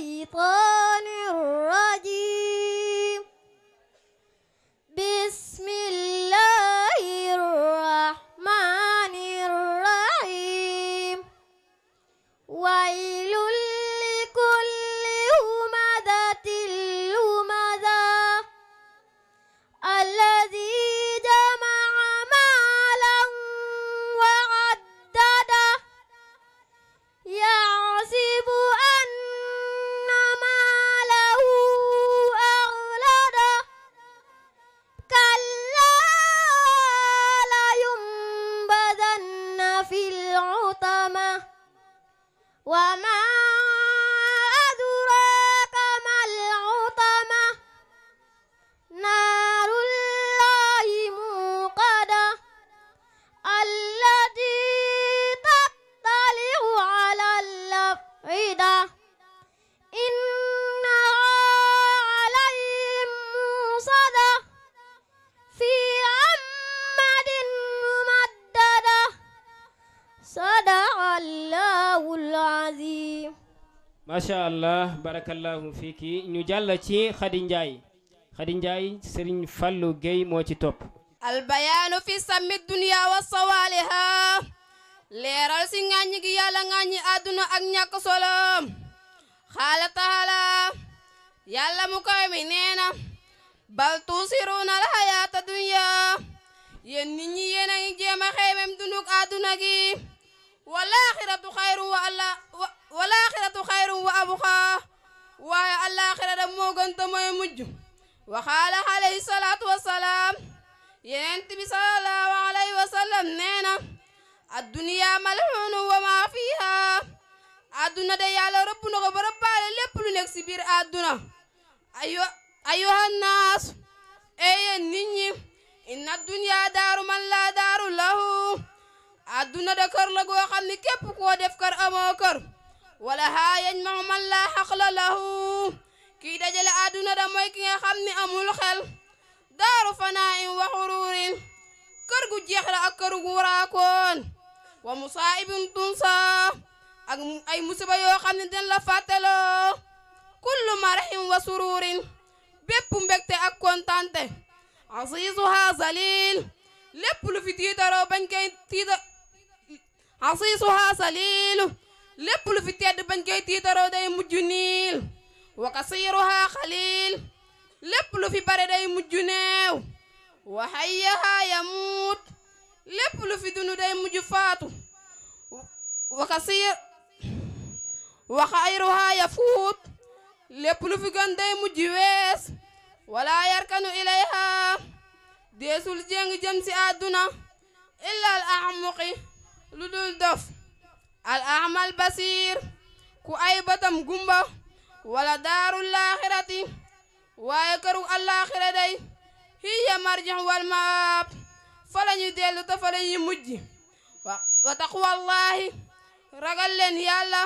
一次。barakallahu fiki ñu jall ci kadinjai Ndiaye Khady Ndiaye Serigne fallu gey mo ci al bayan fi sammi dunya wa sawaliha leral si ngagne gi yalla ngagne aduna ak ñak solo khala taala yalla mu koy mi nee na bal tuusiruuna alxayaata dunya yen nit ñi yen ay jema xewem dunduk gi wa ala akhiratu khairu wa واي الله اخره دمو غنت موي مجو وخال عليه الصلاه والسلام ينت بي صلى الله عليه وسلم ننا الدنيا ملعون وما فيها ادنا ده يا رب نغه بربال لب لو نيك سبير ايو ايها الناس اي نيني ان الدنيا دار من لا دار له ادنا ده كر لا كو خامي كيب كو ولها يجمع من لا حقل له كي دجل ادنا دموي كي خامني امول خل دار فناء وحرور كرغو جيخلا اكرغو راكون ومصائب تنصا اي مصيبه يو خامني دن لا فاتلو كل مرحم وسرور بيب مبكتي اك كونتانتي عزيزها ذليل لب لو في تيترو بنكاي تيدا عصيصها سليل lépp lu fi tedd bañ koy tiitaroo day mujj niil wa kasiiruhaa xaliil lépp lu fi bare day mujj neew wa hayyahaa yamuut lépp lu fi dund day mujj faatu wa kasiir wa yafuut lépp lu fi gën day mujj wees wala yarkanu ilayhaa deesul jéng jëm si àdduna illal axmuqi lu dul dof الأعمال البصير كأي بتم جنبا ولا دار الآخرة ويكرو الآخرة دي هي مرجع والمآب فلن يدل فلن يمجي وتقوى الله رجل لن يالا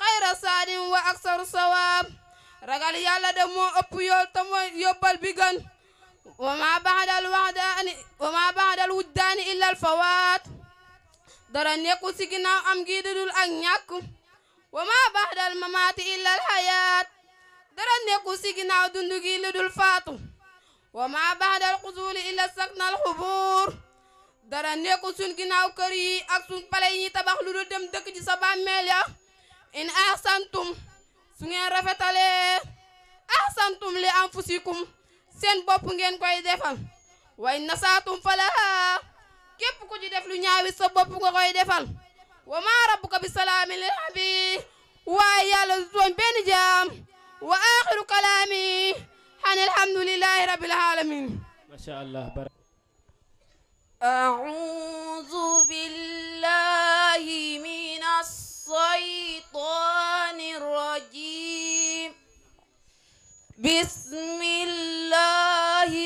خير صاد وأكثر صواب رجل يالا دمو أبيول تمو يبال بيغن وما بعد الوعد وما بعد الودان إلا الفوات dara nekkul ci ginnaaw am gi dudul ak ñàkk wa ma ba'dal mamaati illa hayaat dara nekkul ci ginnaaw dundu gi ludul faatu wa ma ba'dal xusuuli illa saknal xubuur dara nekkul suñ ginnaaw kër yi ak suñ pale yi tabax ludul dem dëkk ci sa bàmmeel ya in ahsantum su ngeen rafetalee ahsantum li anfusikum seen bopp ngeen koy defal way nasaatum falaha كيف كوجي ديف لو نياوي سا بوب كو كوي ديفال وما ربك بالسلام للعبي ويا لزون بين جام واخر كلامي حن الحمد لله رب العالمين ما شاء الله اعوذ بالله من الشيطان الرجيم بسم الله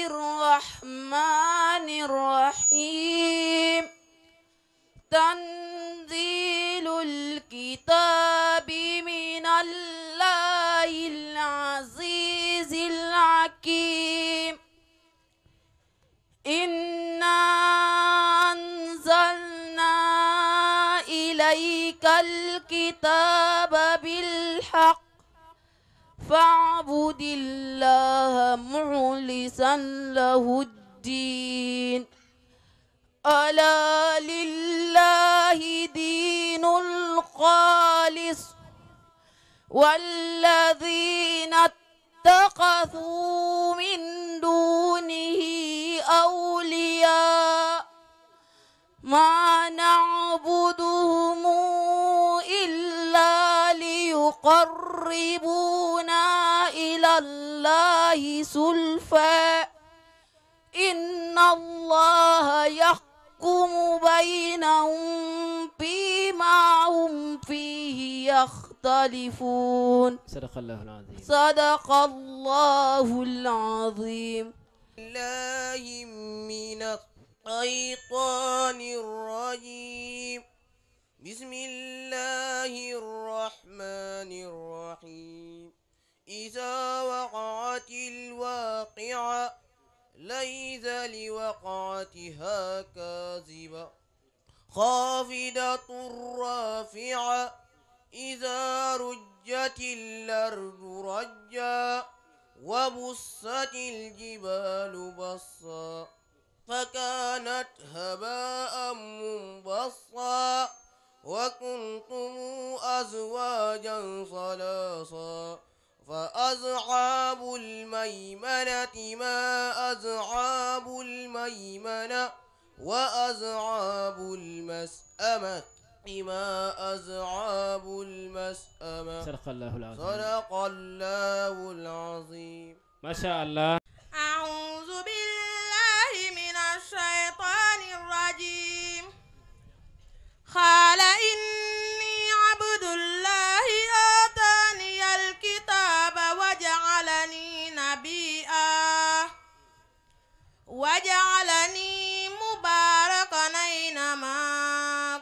الرحمن الرحيم تنزيل الكتاب من الله العزيز الحكيم إنا أنزلنا إليك الكتاب فاعبد الله مخلصا له الدين ألا لله دين الخالص والذين اتخذوا من دونه أولياء ما نعبدهم يقربونا إلى الله سلفا إن الله يحكم بينهم فيما هم فيه يختلفون صدق الله العظيم صدق الله العظيم الله من الشيطان الرجيم بسم الله الرحمن الرحيم إذا وقعت الواقعة ليس لوقعتها كاذبة خافضة رافعة إذا رجت الأرض رجا وبست الجبال بصا فكانت هباء منبصا وكنتم أزواجا صلاصا فأزعاب الميمنة ما أزعاب الميمنة وأزعاب المسأمة ما أزعاب المسأمة صدق الله العظيم صدق الله العظيم ما شاء الله أعوذ بالله من الشيطان الرجيم قال إني عبد الله آتاني الكتاب وجعلني نبيا وجعلني مباركا أينما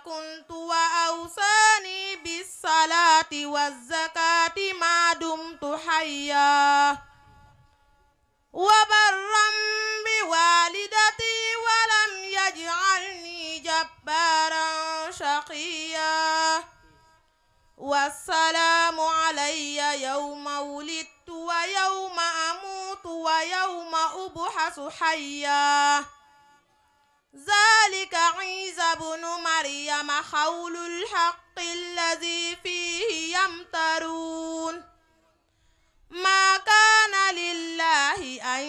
كنت وأوصاني بالصلاة والزكاة ما دمت حيا وبرا بوالدي جبارا شقيا والسلام علي يوم ولدت ويوم أموت ويوم أبحث حيا ذلك عيسى بن مريم خول الحق الذي فيه يمترون ما كان لله أن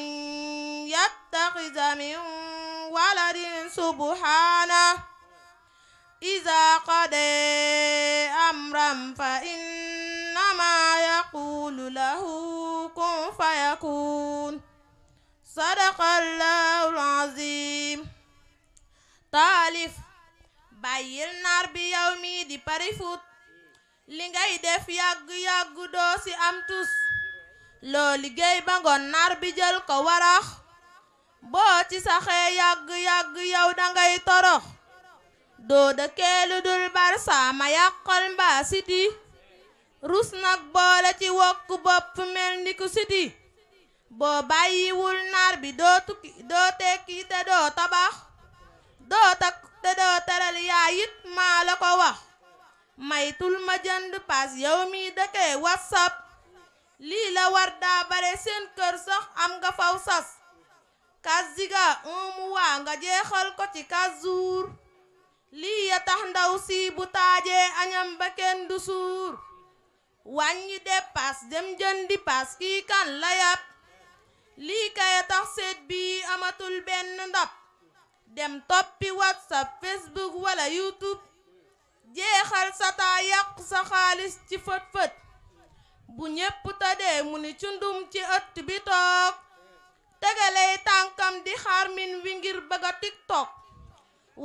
يتخذ من سبحانه إذا قضى أمرا فإنما يقول له كن فيكون صدق الله العظيم taalif bàyyil naar bi yow mii di pari fut li ngay def yàgg-yàgg doo si am tus loo liggéey ba ngoon naar bi jël ko warax boo ci saxee yàgg-yàgg yow dangay torox doo dëkkee lu dul barsa ma yàqol mbaa rus nag boole ci wokk bopp mel ni ku siti boo bàyyiwul naar bi doo tukki tekki te doo tabax doo takk te doo teral yaay it maa la ko wax maytul ma jënd paas yow mi dëkkee whatsapp lii la war daa bare seen kër sax am nga faw sas kaziga umwa nga jeexal ko ci kazur li ya tax ndaw si bu taajee añam ba du suur dem jëndi pass ki kan layap li kay ya tax set bi amatul ben ndap dem topi whatsapp facebook wala youtube je sa sata yak sa khalis ci fot fot bu ta de mu ni cundum ci ëtt bi tok tegalay tànkam di xaar wi ngir bëgg a tiktok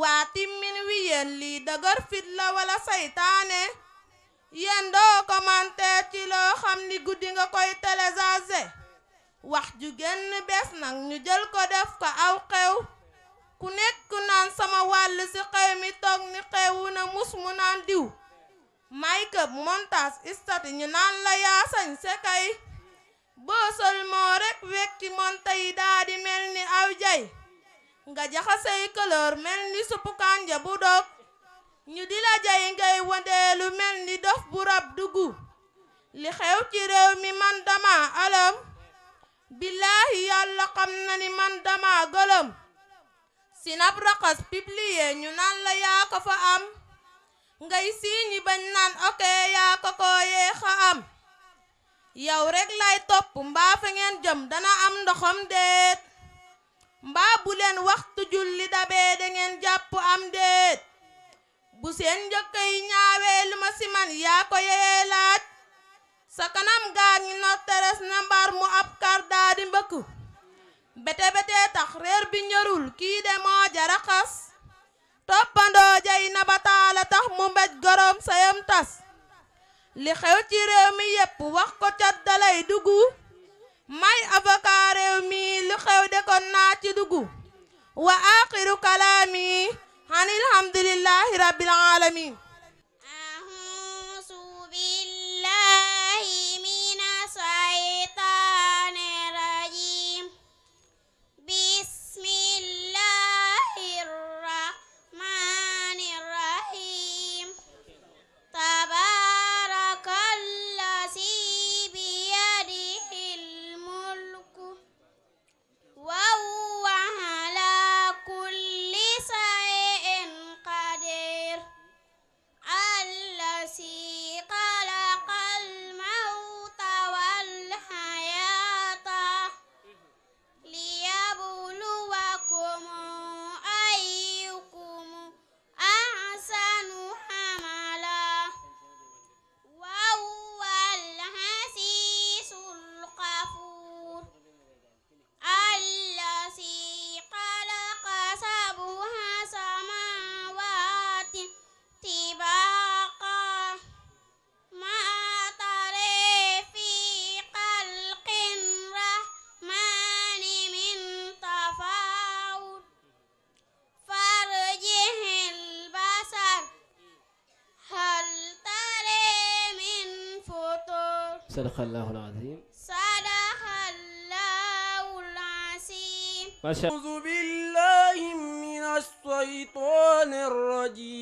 waati wi yéen lii dëgër fit la wala saytaane yéen doo commentaire ci loo xam ni guddi nga koy télécharger wax ju génn bees nag ñu jël ko def ko aw xew ku nekk naan sama wàll ci xew mi toog ni xewu na mus mu naan diw make-up montage istati ñu naan la yaa sañ sekay boo sol moo rekk wekki di mel ni nga jaxasey color mel ni suppu budok, bu doog ñu di la jay ngay wëndeelu mel ni dof bu rab duggu li xew ci rew mi man dama alam billahi yalla xamna ni man dama gëlëm sinab raqas publié ñu nan la ya ko fa am ngay siñi bañ nan okay ya ko ko ye xa am yow rek lay topp mbaa fa ngeen jëm dana am ndoxam déet mbaa bu leen waxtu julli dabee da ngeen jàpp am déet bu seen njëkk yi ñaawee lu ma ci man yaa ko yeyee laaj sa kanam gaa ngi notteres na mbar mu ab kar daa mbëkk bete bete tax réer bi ñërul kii de moo jara xas toppandoo jay na ba tax mu mbéj gorom sayam tas li xew ci réew mi yépp wax ko cat dalay dugg may avocat réew mi li xew de ko na ci dugg wa akhiru kalami hanil hamdulillahi rabbil alamin صدق الله العظيم صدق الله العظيم أعوذ بالله من الشيطان الرجيم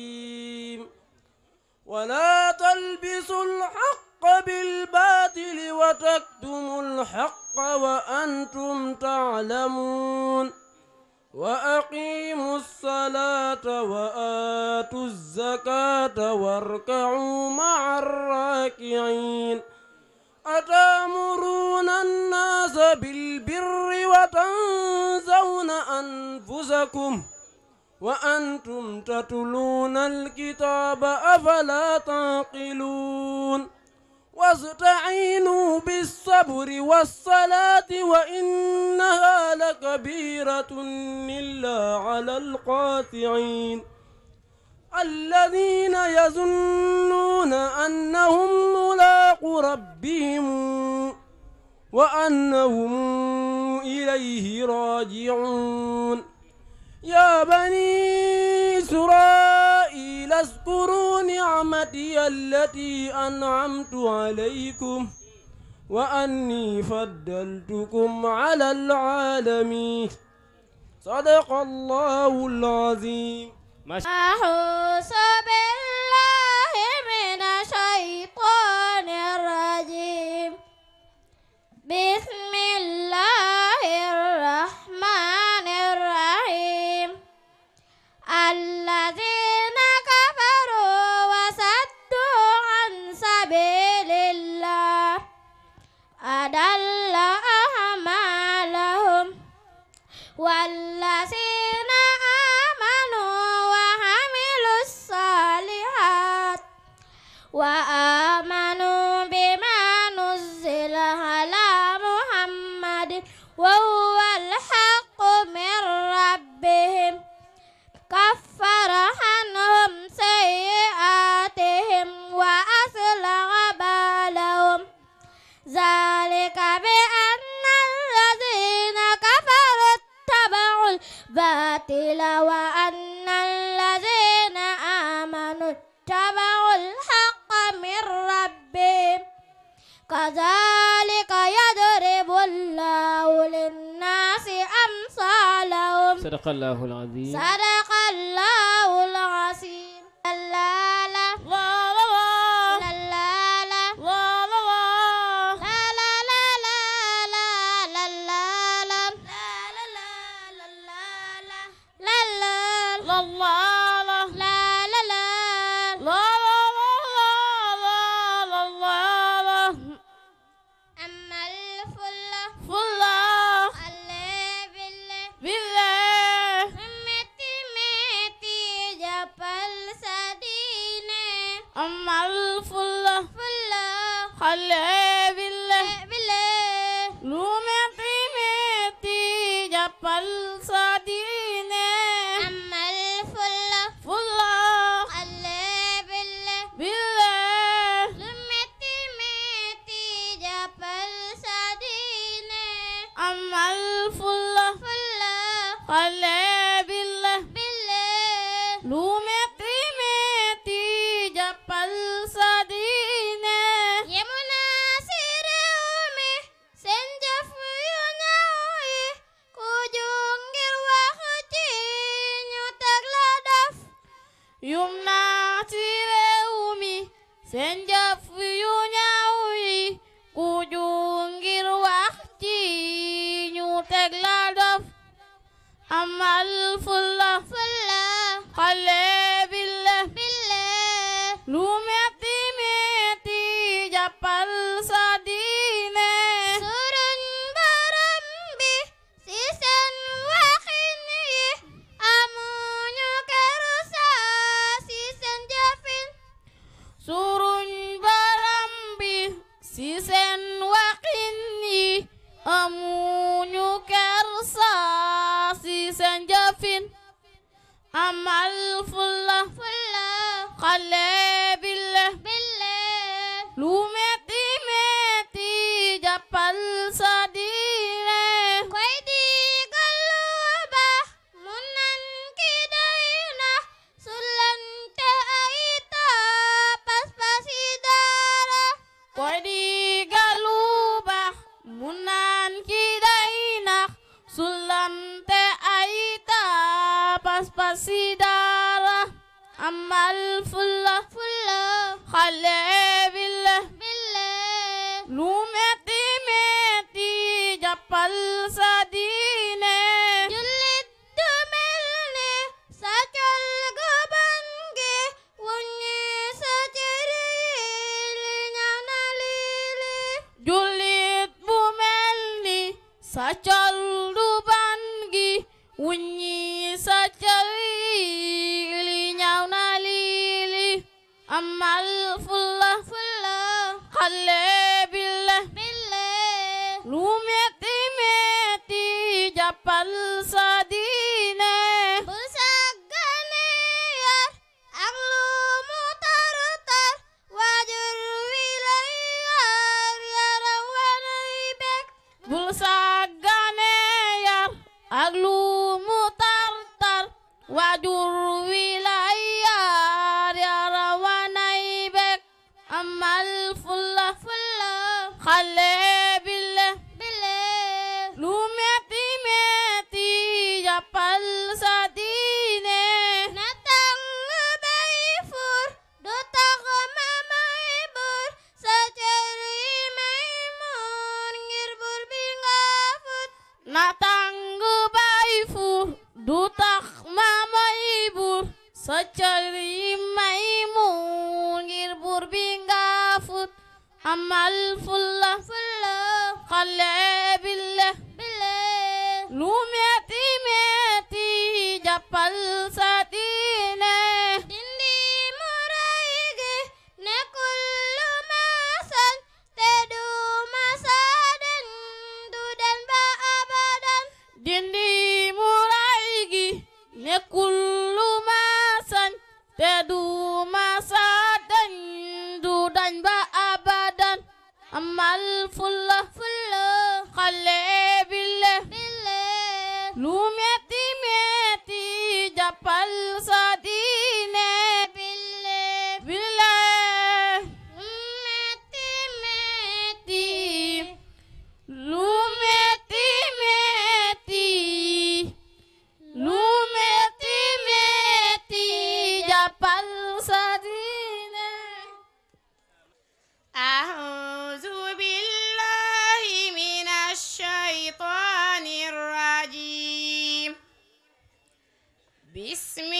لكم وأنتم تتلون الكتاب أفلا تعقلون واستعينوا بالصبر والصلاة وإنها لكبيرة إلا على القاطعين الذين يظنون أنهم ملاق ربهم وأنهم إليه راجعون يا بني إسرائيل اذكروا نعمتي التي أنعمت عليكم وأني فضلتكم على العالمين صدق الله العظيم أحس بالله من الشيطان الرجيم بسم صدق الله العظيم صدق سدارة أما الفلة فلة خلي بسم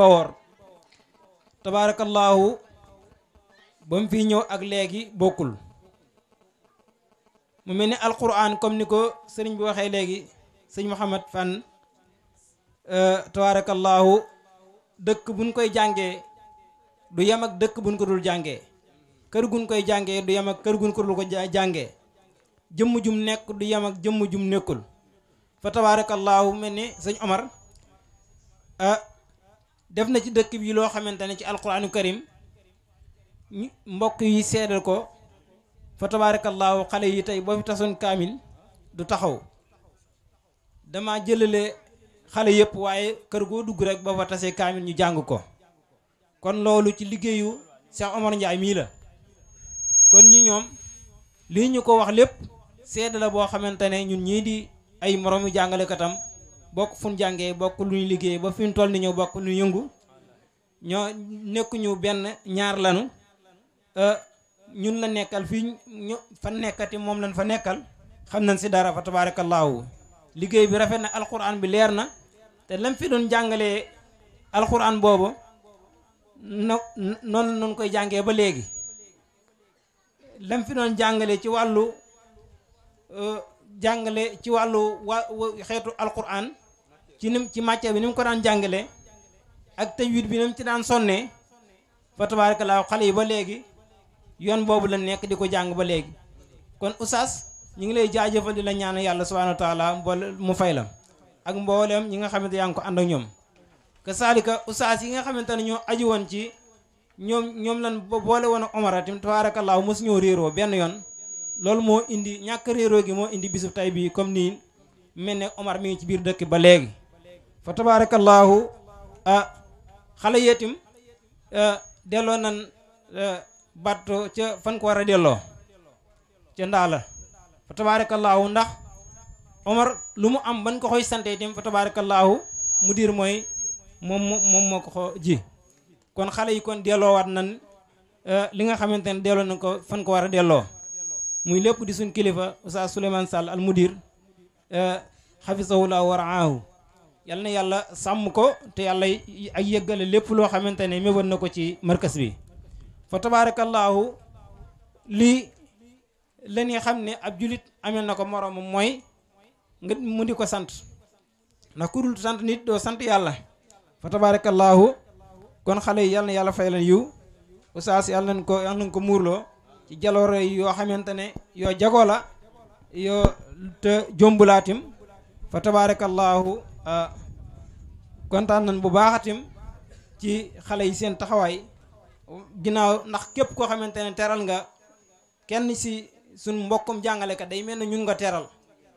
Mbawor tabarakallah bam fi ñew ak legi bokul mu melni alquran comme niko serigne bi waxe legi serigne mohammed fan euh tabarakallah dekk buñ koy jangé du yam ak dekk buñ ko dul jangé kër guñ koy jangé du yam ak kër guñ ko dul ko jangé jëm jum nekk du yam ak jëm jum nekkul fa tabarakallah melni serigne Omar ah def na ci dëkk bi loo xamante ne ci alquranu karim mbokk yi seedal ko fa tabaarakallaahu xale yi tey boo fi tasoon kaamin du taxaw dama jëlale xale yëpp waaye kër goo dugg rek ba fa tasee kaamil ñu jàng ko kon loolu ci liggéeyu Cheikh Omar Ndiaye mii la kon ñi ñoom li ñu ko wax lépp seede la boo xamante ne ñun ñii di ay moroomi jàngalekatam bokk fu jàngee bokk lu ñu liggéey ba fi ñu toll ni ñëw bokk lu ñu yëngu ñoo nekkuñu benn ñaar lanu ñun la nekkal fii ñu fa nekkati moom lañ fa nekkal xam nañ si dara fa tabaarakallaahu liggéey bi rafet na alquran bi leer na te lam fi doon jàngale alquran boobu na noonu la ñu koy jàngee ba léegi lam fi doon jàngale ci wàllu euh, jàngale ci wàllu wa xeetu alquran ci nim ci matière bi ni mu ko daan jàngale ak tajwid bi ni mu ci daan sonnee fa tabaarakallaahu xale yi ba léegi yoon boobu la nekk di ko jàng ba léegi kon oustaz ñu ngi lay jaajëfal di la ñaan yàlla subhaanahu wa taala mu fay la ak mboolem ñi nga xamante yaa ngi ko ànd ak ñoom que saalika yi nga xamante ne ñoo aju woon ci ñoom ñoom lan boole woon ak Omar tamit tabaarakallaahu mosu réeroo benn yoon loolu moo indi ñàkk réeroo gi moo indi bisub tay bii comme nii mel ne Omar mi ngi ci biir dëkk ba léegi fa tabaarakallaahu xale yeetim delloo nan batto ca fan ko war a delloo ca ndaa la fa tabaarakallaahu ndax Omar lu mu am ban ko koy sante itam fa tabaarakallaahu mu diir mooy moom moom moo ko ko ji kon xale yi kon delloowaat nan li nga xamante ne delloo nañ ko fan ko war a delloo muy lépp di suñ kilifa Oustaz Souleymane Sall al mudir xafisahullah waraahu yal na yàlla sàmm ko te yàlla ay yëggale lépp loo xamante ne méwat na ko ci markas bi fa tabaarakallaahu lii la xam ne ab julit amel na ko moroomam mooy nga mu di ko sant ndax ku dul sant nit doo sant yàlla fa tabaarakallaahu kon xale yi yàlla fay leen yiw usaas yàlla nañ ko ko muurloo ci jaloore yoo xamante ne yoo jagoo la yoo te jombulaatim fa tabaarakallaahu Ah, kontaan nañ bu baaxatim ci xale yi seen taxawaay ginnaaw ndax képp koo xamante ne teral nga kenn si sunu mbokkum jàngale jàngalekat day mel ne ñun nga teral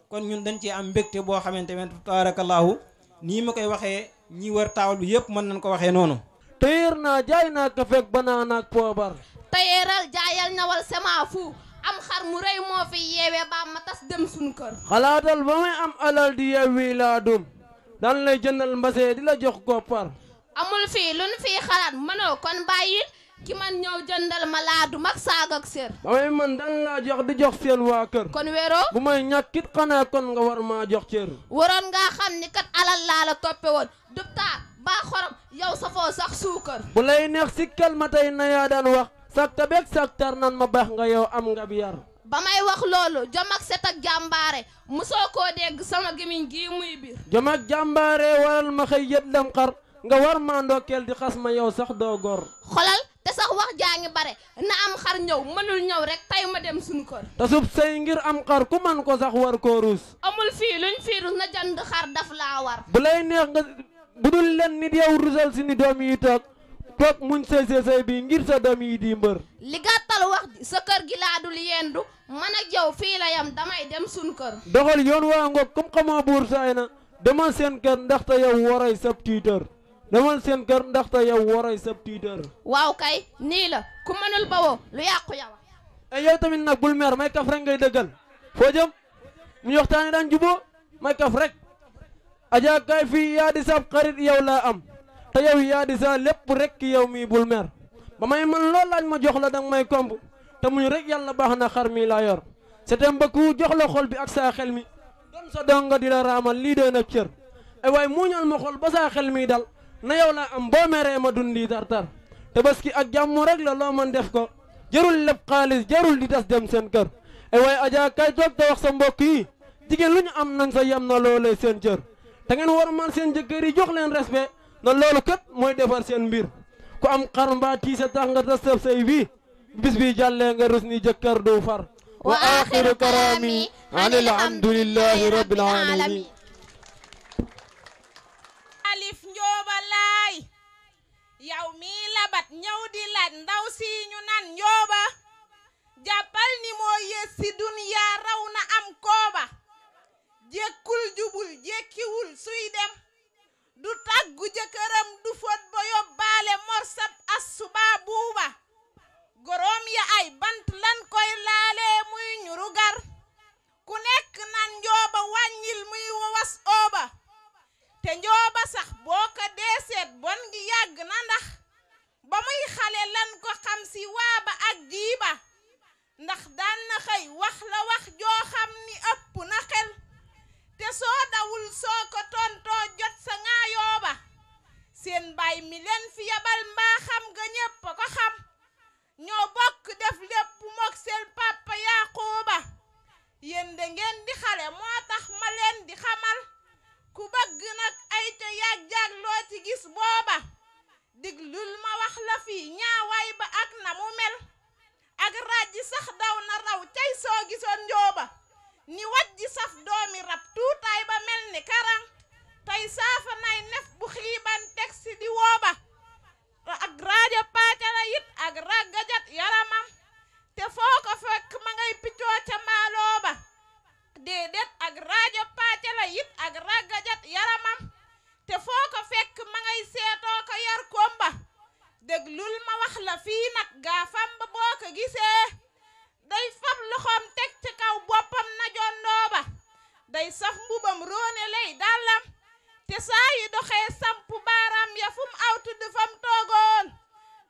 kon ñun dañ ci am mbégte boo xamante ne tabaarakallaahu nii ma koy waxee ñi wër taawal bi yëpp mën nañ ko waxee noonu tëyeer naa jaay naa ko fekk banaan ak poobar tëyeeral jaayal ñawal sama fu am xar mu rëy moo fi yeewee ba ma tas dem suñu kër xalaatal ba may am alal di yeewi laa dum daan lay jëndal mbase di la jox koppar. amul fii lu nu fii xalaat mënoo kon bàyyi ki man ñëw jëndal ma laadu mag saag ak sér. damay man dan laa jox di jox seen waa kër. kon wéroo. bu may ñàkkit xanaa kon nga war maa jox cër. waroon ngaa xam ni kat alal laa la toppe woon dubtaa baa xorom yow safoo sax suukar. bu lay neex sikkal ma tey na yaa daan wax. sakta beeg saktar nan ma baax nga yow am nga bi yar. ba may wax loolu jom ak set ak jàmbaare musoo koo dégg sama gémmiñ gii muy biir jom ak jàmbaare waral ma xëy yët dem xar nga war maa ndokkeel di xas ma yow sax doo gor xolal te sax wax jaa ngi bare na am xar ñëw mënul ñëw rek tey ma dem suñu ko te sub sëy ngir am xar ku man ko sax war koo ruus amul fii luñ fii ruus na jënd xar daf laa war bu lay neex nga bu dul leen nit yow rusal si ni doom yi toog toog muñ sëy sëy sëy bi ngir sa doom yi di mbër li gàttal wax sa kër gi laa dul yendu man ak yow fii la yam damay dem suñ kër doxal yoon waa ngoog comme xamaa buur saay na demal seen kër ndaxte yow waray sab tiitër demal seen kër ndaxte yow waray sab tiitër waaw kay nii la ku mënul bawoo lu yàqu yow ay eh, yow tamit nag bul meer may kaf rek ngay dëggal foo jëm mu waxtaane daan juboo may kaf rek ajaakaay fii yaa di sab xarit yow laa am te yow di sa lepp rek yow mi bul mer ba may man loolu lañ ma jox la dang may komb te muñ rek yalla baxna xar mi la yor setem ba ku jox la xol bi ak sa xel mi don sa donga di la raamal lii doon ab ay way ma xol ba sa xel mi dal na yow la am bo mere ma dundi tartar te baski ak rek la lo man def ko jarul leb xaliss jarul di tas dem sen keur ay e way aja kay tok te wax sa mbokk yi digen luñu am nañ sa yem na loolee seen cër ngeen war man sen jox leen respect na loolu kat mooy defar seen mbir ku am xar tax nga tas say wii bis jàllee nga rus ni jëkkër du far wa axiru karaami an alhamdulillahi rabbil alamin alif njooba laay yow mii labat ñëw di ndaw si nan njooba jàppal ni moo si duniya raw na am kooba jekkul jubul jekkiwul suy dem du tàggu jëkkëram du fóot ba yóbbaale morsab assuba buuba goroom ya ay bant lan koy laale muy ñuru gar ku nekk nan njooba wàññil muy wawas ooba te njooba sax boo ko deeseet bon gi yàgg na ndax ba muy xale lan ko xam si waaba ak jiiba ndax daan na xëy wax la wax joo xam ni ëpp na xel te soo dawul so ko to jot sa ŋaayoo ba seen bay mi len fi yabal ma xam nga ñepp ko xam ño bok def lepp mok sel papa yaquba yéen da ngeen di xale moo tax ma len di xamal ku bëgg nak ay te yaak jaak lo ci gis dig diglul ma wax la fi ñaaway ba ak na mu mel ak raaji sax daw na raw tay so gisoon ni wajji saf doomi rab tuutaay ba mel ni karang tey saafa nay nef bu xiiban tegsi di wooba ak raaja paacala yit ak raggajat yaramam te foo ko fekk ma ngay piccoo ca maaloo ba déedéet ak raaja paacala yit ak raggajat yaramam te foo ko fekk ma ngay seetoo ko yar komba déglul ma wax la fii nag gaafam ba boo ko gisee day fab loxoom teg ci kaw boppam na jondoo ba day saf mbubam roone lay dàllam te saa yi doxee samp baaraam ya fu aw tudd fa mu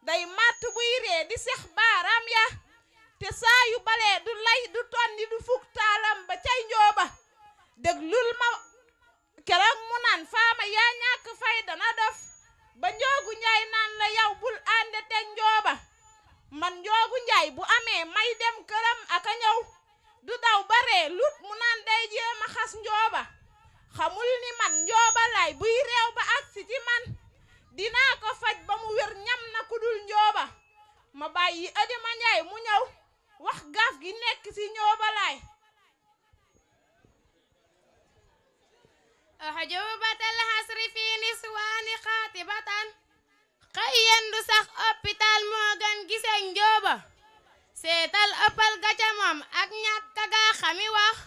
day màtt buy ree di sex baaraam ya te saa yu balee du lay du tonni du fukk taalam ba cay njooba déglul ma keroog mu naan faama yaa ñàkk fay dana dof ba njoogu njaay naan la yow bul ànde teg njooba man njoogu njaay bu amee may dem këram aka ñëw du daw baree lut mu naan day jéem xas njooba xamul ni man njooba buy réew ba agsi ci man dinaa ko faj ba mu wér ñam na ku njooba ma bàyyi adima njaay mu ñëw wax gaaf gi nekk ci njooba xëy du sax hôpital mo gën gise njoba setal opal gacha mom ak ak ka ga xami wax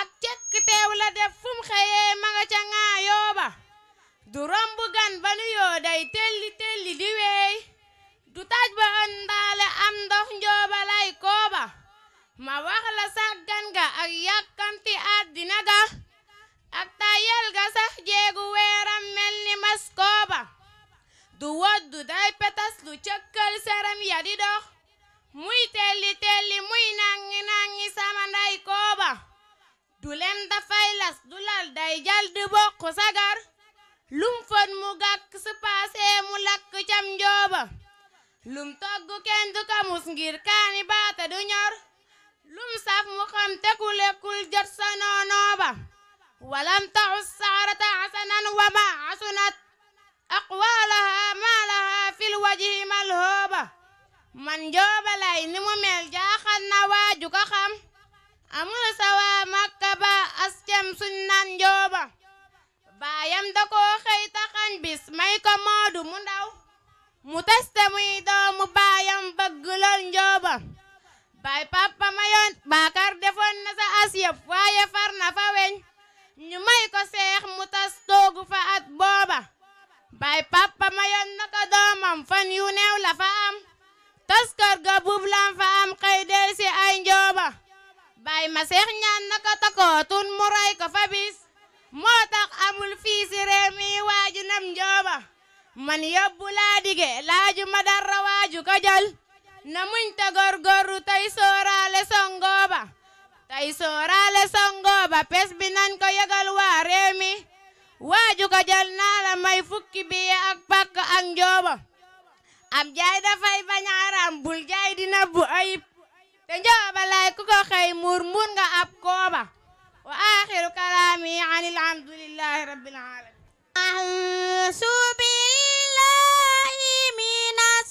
ak cëkk teew la def fum xëyee ma nga ca nga yoba du rombu gan ba yo day telli telli di wey du taj ba andale am ndox njoba lay ma wax la gan ga ak yakanti adina ga ak tayel ga sax jeegu weeram mel ni mas du wodd day petas lu cëkkal seram ya di dox muy telli telli muy nangi nangi sama nday kooba du lem dafay las du lal day jal di bokk sagar lum fën mu gàkk su mu lakk cam njooba lum togg kenn du kamus ngir kaani baata du ñor lum saf mu xam teku lekkul jot sa noonooba walam taxu saarata xasanan wa ma xasunat aqwaalaha maa laha fil wajhi malhooba man njoobalaay ni mu mel jaaxal waaju ko xam amul sawa makka ba askem suñ naan njooba baayam da koo xëy taxañ bis may ko moodu mu ndaw mu teste muy doomu baayam bëgg lool njooba baay papa mayoon baakar defoon na sa as yëpp waaye far fa weñ ñu may ko seex mu tas toogu fa at booba bay papa mayoon na ko doomam fan yu neew fa am taskar ga buub fa am xëy del ay njooba bay ma seex na ko takootun mu rey ko fa moo tax amul fii si réew waaju nam njooba man yóbbu laa laaju ma dara waaju ko na muñ te góorgóorlu tey sóoraale songooba tey sóoraale songooba pes nan ko yëgal waa Wah juga jalan naa la may fukki bi ak pak ak njoba am jay da fay baña araam bul nabu dina bu ayib te njoba lay ku ko xey mur mur nga ab kooba wa akhiru kalami anil alhamdulillahi rabbil alamin subillahi minas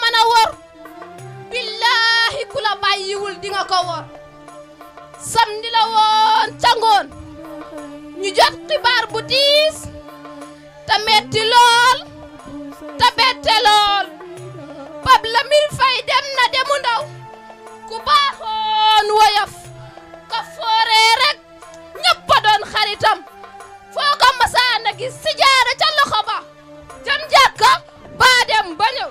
mana wor billahi kula la wul di nga ko wor samedi la won cangon ñu jot xibar bu dis ta metti lol ta bette bab la mil fay dem na demu ndaw ku baaxoon woyof ko fore rek ñepp doon xaritam foko massa na gis sijaara ca loxo jam jakka ba dem ba ñew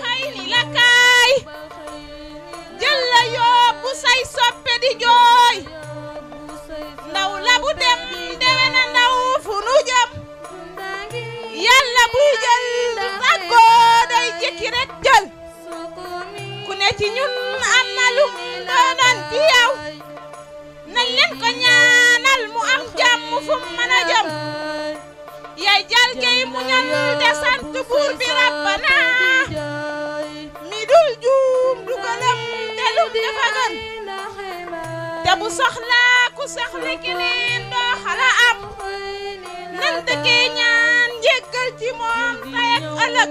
xayli la kaay jël la yóbbu say soppe di jooy ndaw la bu dem dewe na ndaw fu nu jëm yàlla buy jël du tàggoo day jëkki rek jël ku ne ci ñun am na lu doonoon ci yow nañ leen ko ñaanal mu am jàmm fu mu mën a jëm yay jalke i muñalde sant buur bi rabbana mi dul juum du ko lëm te lu dafa gën bu soxlaa ku soxli kinin doo xala am nan dëkkee ñaan ci moom tey ak ëllëg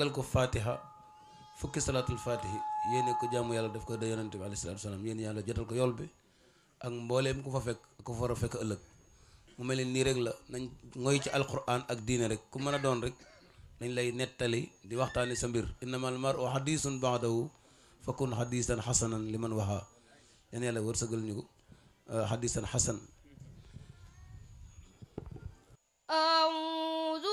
jàngal ko fatiha fukki salaatul fatihi yéene ko jaamu yàlla daf ko da yonante bi alayhi salaatu salaam yéen yàlla jotal ko yool bi ak mbooleem ku fa fekk ku fa war a mu mel nii rek la nañ ngoy ci alquran ak diine rek ku mën a doon rek dañ lay nettali di waxtaani sa mbir innamal mar'u hadisun ba'dahu fa kun hadisan hasanan li man waxa yan yàlla wërsëgal ñu ko euh, hadisan hasan أعوذ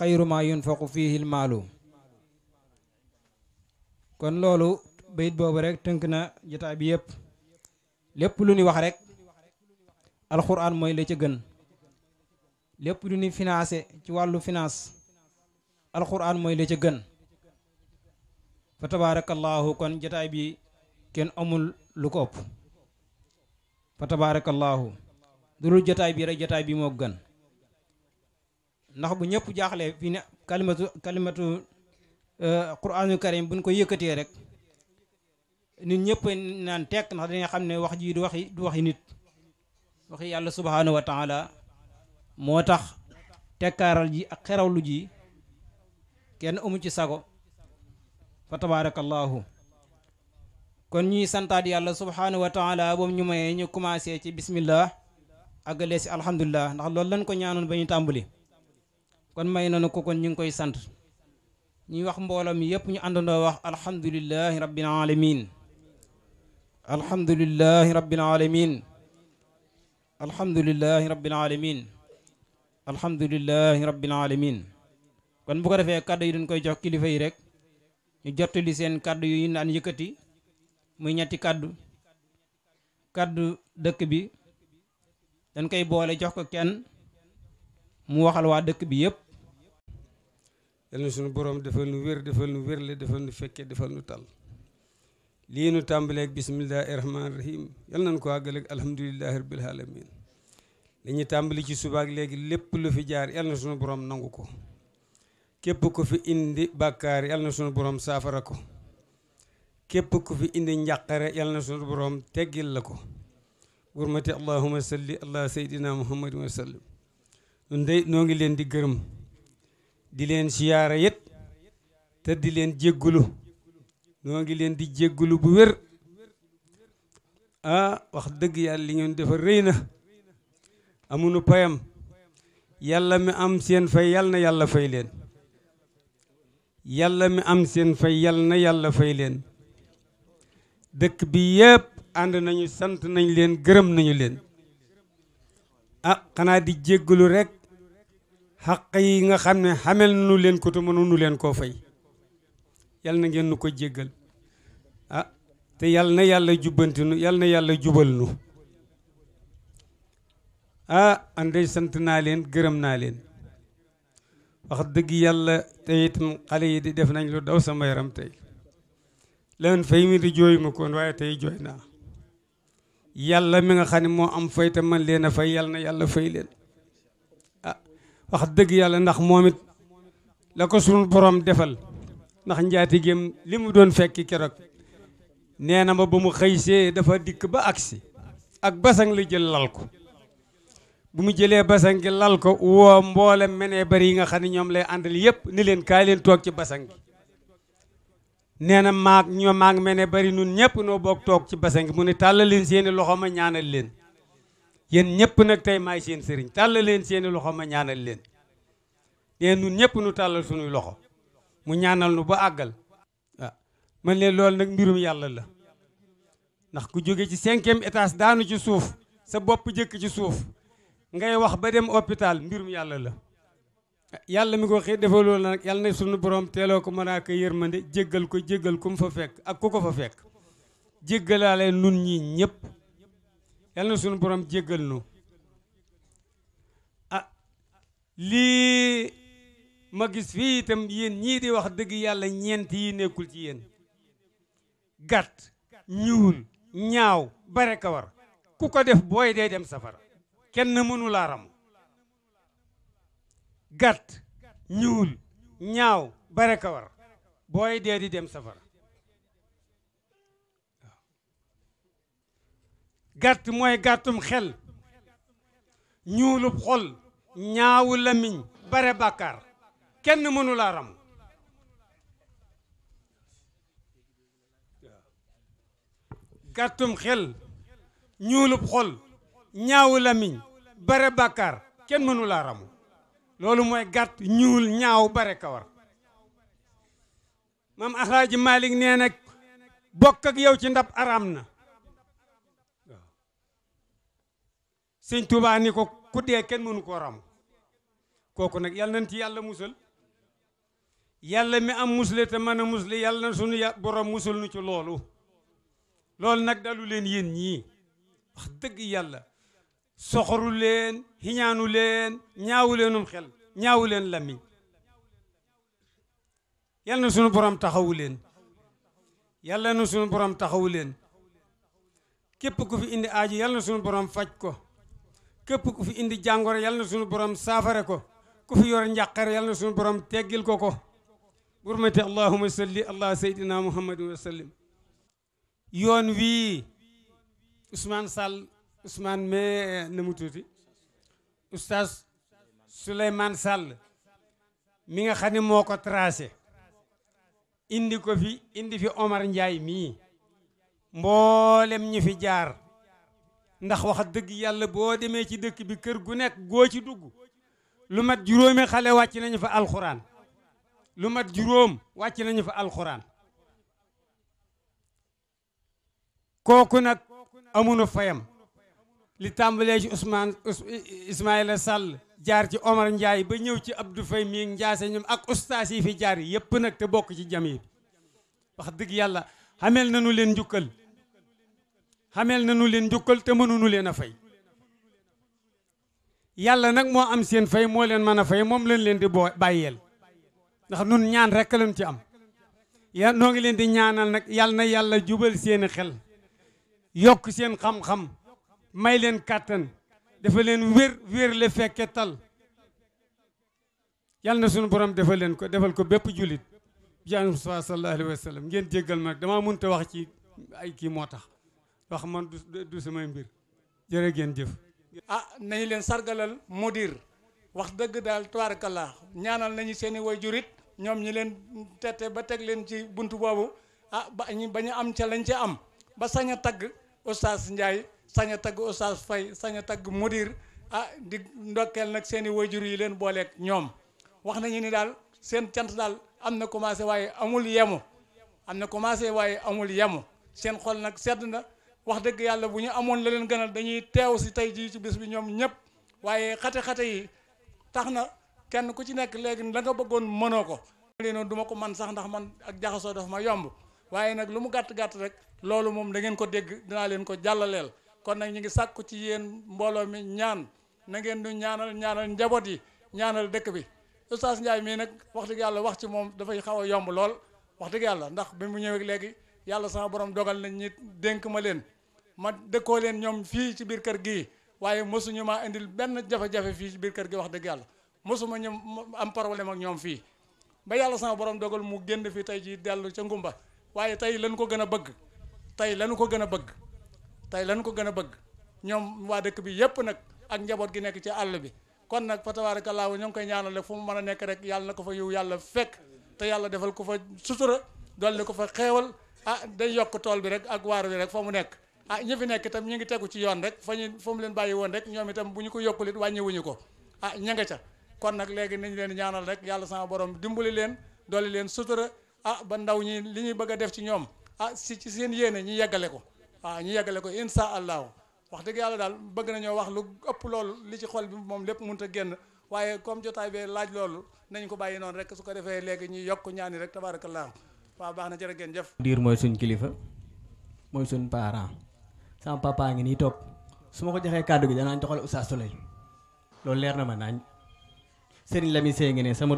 xayru ma yunfaqu fihi almaalu kon loolu bayit boobu rek tënk na jotaay bi yëpp lépp lu ñu wax rek alxuraan mooy la ca gën lépp lu ñu financé ci wàllu finance alxuraan mooy la ca gën fa tabaarakallaahu kon jotaay bi kenn amul lu ko ëpp fa tabaarakallaahu dulul jotaay bi rek jotaay bi moo gën ndax bu ñëpp jaaxlee fii ne kalimatu kalimatu euh, quraanu karim buñ ko yëkkatee rek nit ñëpp naan tekk ndax dañuy xam ne wax jii du waxi du waxi nit waxi yàlla subhaanahu wa taala moo tax tekkaaral ji ak xerawlu ji kenn amu ci sago fa tabaarakallaahu kon ñuy santaat yàlla subhaanahu wa taala boobu ñu mayee ñu commencé ci bismillah àggalee si alhamdulilah ndax loolu lañ ko ñaanoon ba ñu tàmbali kon may na ko kon ñu ngi koy sant ñuy wax mbooloo mi yëpp ñu àndandoo wax alhamdulilahi rabbil alamin alhamdulilahi rabbil alamin alhamdulilahi rabbil alamin alhamdulilahi rabbil alamin kon bu ko defee kàddu yi dañ koy jox kilifa yi rek ñu jottali seen kàddu yu ñu naan yëkkati muy ñetti kàddu kàddu dëkk bi dañ koy boole jox ko kenn mu waxal waa dëkk bi yépp yal na suñu boroom defal nu wér defal nu wérle defal nu fekke defal nu tal lii nu tàmbaleeg bismillahi rahmaani rahim yal nañu ko àggaleeg alhamdulilahi rabbil alamin li ñu tàmbali ci subaak léegi lépp lu fi jaar yal na suñu boroom nangu ko fi indi bakar yal na suñu boroom saafara ko fi indi njàqare yal na suñu boroom teggil la ko burmati allahuma salli ala sayyidina muhammadin wa sallim nun no ngi len di gërem di len siyaara yit te di len jéggulu no ngi len di jéggulu bu wér ah wax dëgg yalla li ngeen dafa reyna amunu payam yalla mi am seen fay yalla na yalla fay len yalla mi am seen fay yalla na yalla fay len dëkk bi yépp and nañu sant nañ len gërem nañu len ah xana di jéggalu rek xaq yi nga xam ne xamel nu leen ko te mënu nu leen koo fay yal na ngeen nu ko jéggal ah te yal na yàlla jubbanti nu yal na yàlla jubal nu ah andey sant naa leen gërëm naa leen wax dëgg yàlla te itam xale yi di def nañ lu daw sama yaram tey leen fay mi di jooyuma ma koon waaye tey jooy naa yàlla mi nga xam ne moo am fay te man leen a fay yal na yàlla fay leen wax dëgg yàlla ndax moom it la ko sunu borom defal ndax njaatigéem li mu doon fekki keroog nee na ma ba mu xëysee dafa dikk ba agsi ak basang la jël lal ko bu mu jëlee basang gi lal ko woo mboolem menee bari yi nga xam ne ñoom lay àndal yépp ni leen kaay leen toog ci basang gi nee na maag ñoo maag menee bari nun ñëpp noo bokk toog ci basang gi mu ne tàllal leen seeni loxo ma ñaanal leen yéen ñëpp nag tey maay seen sëriñ tàll leen seeni loxo ma ñaanal leen nee nun ñëpp nu tàllal suñuy loxo mu ñaanal nu ba àggal waaw ah, man leen loolu nag mbirum yàlla la ndax ku jóge ci cinquième étage daanu ci suuf sa bopp jëkk ci suuf ngay wax ba dem hôpital mbirum yàlla la ah, yàlla mi ko xëy defal la nag yàlla na suñu borom teeloo ko a malaaka yërmande jéggal ko jéggal ku mu fa fekk ak ku ko fa fekk jéggalaale nun ñi ñëpp yàlla na suñu borom jéggal nu ah lii ma gis fii itam yéen ñii di wax dëgg yàlla ñeent yi nekkul ci yéen gàtt ñuul ñaaw bare kawar ku ko def booy day dem safara kenn mënu laa ram gàtt ñuul ñaaw bare kawar booy dee di dem safara gàtt mooy gàttum xel ñuulub xol ñaawu lamiñ bare bàkkaar kenn mënu xel ñuulub xol ñaawu kenn mënu laa ramu loolu mooy gàtt ñuul ñaaw bare kawar maam alxaaji Malik nee na bokk yow ci ndab araam na sëñ Touba ni ko ku dee kenn mënu koo ram kooku nag yàlla nañ ci yàlla musal yàlla mi am musle te mën a musle yàlla sunu borom musul nu ci loolu loolu nak dalu leen yéen ñi wax dëgg yàlla soxoru leen xiñaanu leen ñaawu leenum xel ñaawu leen lamiñ yàlla na sunu borom taxawu leen yàlla na sunu borom taxawu leen képp ku fi indi aaji yàlla sunu borom faj ko képp ku fi indi jàngoro yal na sunu borom saafara ko ku fi yor njàqare yal na sunu borom teggil ko ko burmati allahuma salli allah sayyidina muhammadin wa sallim yoon wii Ousmane Sall Ousmane mais na mu tuuti oustaz Souleymane mi nga xam ne moo ko tracé indi ko fi indi fi Omar Ndiaye mii mboolem ñi fi jaar ndax wax deug yàlla bo demé ci dëkk bi kër gu nek go ci dugg lu mat juróomi xale wàcc nañu fa alxuraan lu mat juróom wàcc nañu fa alxuraan koku nak amunu fayam li tambalé ci Ousmane Ismaïla Sall jaar ci Omar ndjay ba ñëw ci Abdou fay mi Ndiaase ñum ak oustaz yi fi jaar yépp nak te bok ci jami wax deug yàlla xamel nañu leen jukkal xamel nañu leen njukkal te mënuñu leen fay yàlla nak mo am seen fay mo leen mën fay mom lañ leen di bayel ndax nun ñaan rek lañ ci am ya no ngi leen di ñaanal nak yàlla na yàlla jubal seeni xel yok seen xam-xam may leen katan dafa leen wér wér le fekke tal yàlla na suñu borom defal leen ko defal ko bépp julit bi sallallahu alaihi wasallam ngeen jéggal ma dama damaa wax ci ay ki motax wax man du du samay mbir jërë ngeen jëf. ah nañu leen sargalal mudir wax dëgg daal tubaarakallah ñaanal nañu seeni i jurit ñoom ñi leen tette ba teg leen ci buntu boobu ah ba ñu am ca lañ ca am ba sañ a tagg Oustaz Ndiaye sañ a tagg Oustaz Faye sañ tagg modir ah di ndokkeel nag seeni i wayjur yi leen booleek ñoom wax nañu ni daal seen cant daal am na commencé waaye amul yemu am na commencé waaye amul yemu seen xol nag sedd na wax dëgg yàlla bu ñu amoon la leen gënal dañuy teew si tey jii ci bis bi ñoom ñëpp waaye xate-xate yi tax na kenn ku ci nekk léegi la nga bëggoon mënoo ko leenoon duma ko man sax ndax man ak jaxasoo dafa ma yomb waaye nag lu mu gàtt-gàtt rek loolu moom da ngeen ko dégg dinaa leen ko jàllaleel kon nag ñu ngi sàkku ci yéen mbooloo mi ñaan na ngeen du ñaanal ñaanal njaboot yi ñaanal dëkk bi Oustaz Ndiaye mii nag wax dëgg yàlla wax ci moom dafay xaw a yomb lool wax dëgg yàlla ndax mu ñëwee léegi yàlla sama borom dogal nañ ñi dénk ma leen ma dëkkoo leen ñoom fii ci biir kër gi waaye mosuñu maa indil benn jafe-jafe fii ci biir kër gi wax dëgg yàlla mosuma ñu am problème ak ñoom fii ba yàlla sama borom dogal mu génn fii tey ji dellu ca ngumba waaye tey lañ ko gën a bëgg tey lañu ko gën a bëgg tey lañu ko gën a bëgg ñoom waa dëkk bi yépp nag ak njaboot gi nekk ci àll bi kon nag fa tabaarakallaahu ñoo ngi koy ñaanale fu mu mën a nekk rek yàlla na ko fa yiw yàlla fekk te yàlla defal ko fa sutura dolli ko fa xeewal ah day yokk tool bi rek ak waar wi rek fa mu nekk ah ñi fi nekk itam ñu ngi tegu ci yoon rek fa ñu fa mu leen bàyyi woon rek ñoom itam bu ñu ko yokkul it wàññiwuñu ko ah ña nga ca kon nag léegi nañu leen ñaanal rek yàlla sama borom dimbali leen dooli leen sutura ah ba ndaw ñi li ñuy bëgg a def ci ñoom ah si ci seen yéene ñu yeggale ko waaw ah, ñu yeggale ko insha allahu wax dëgg yàlla daal bëgg nañoo wax lu ëpp loolu li ci xol bi moom lépp mënut a génn waaye comme jotaay bee laaj loolu nañ ko bàyyi noonu rek su ko defee léegi ñuy yokk ñaani rek tabarakallah dir moy na jërë ngeen jëf. diir mooy suñ kilifa mooy suñ parent sama papa ngi nii toog su ma ko joxee kàddu gi gitu, danaa joxal Oustaz Souleye loolu leer na ma naañ Serigne Lamine Seye ngi ne sama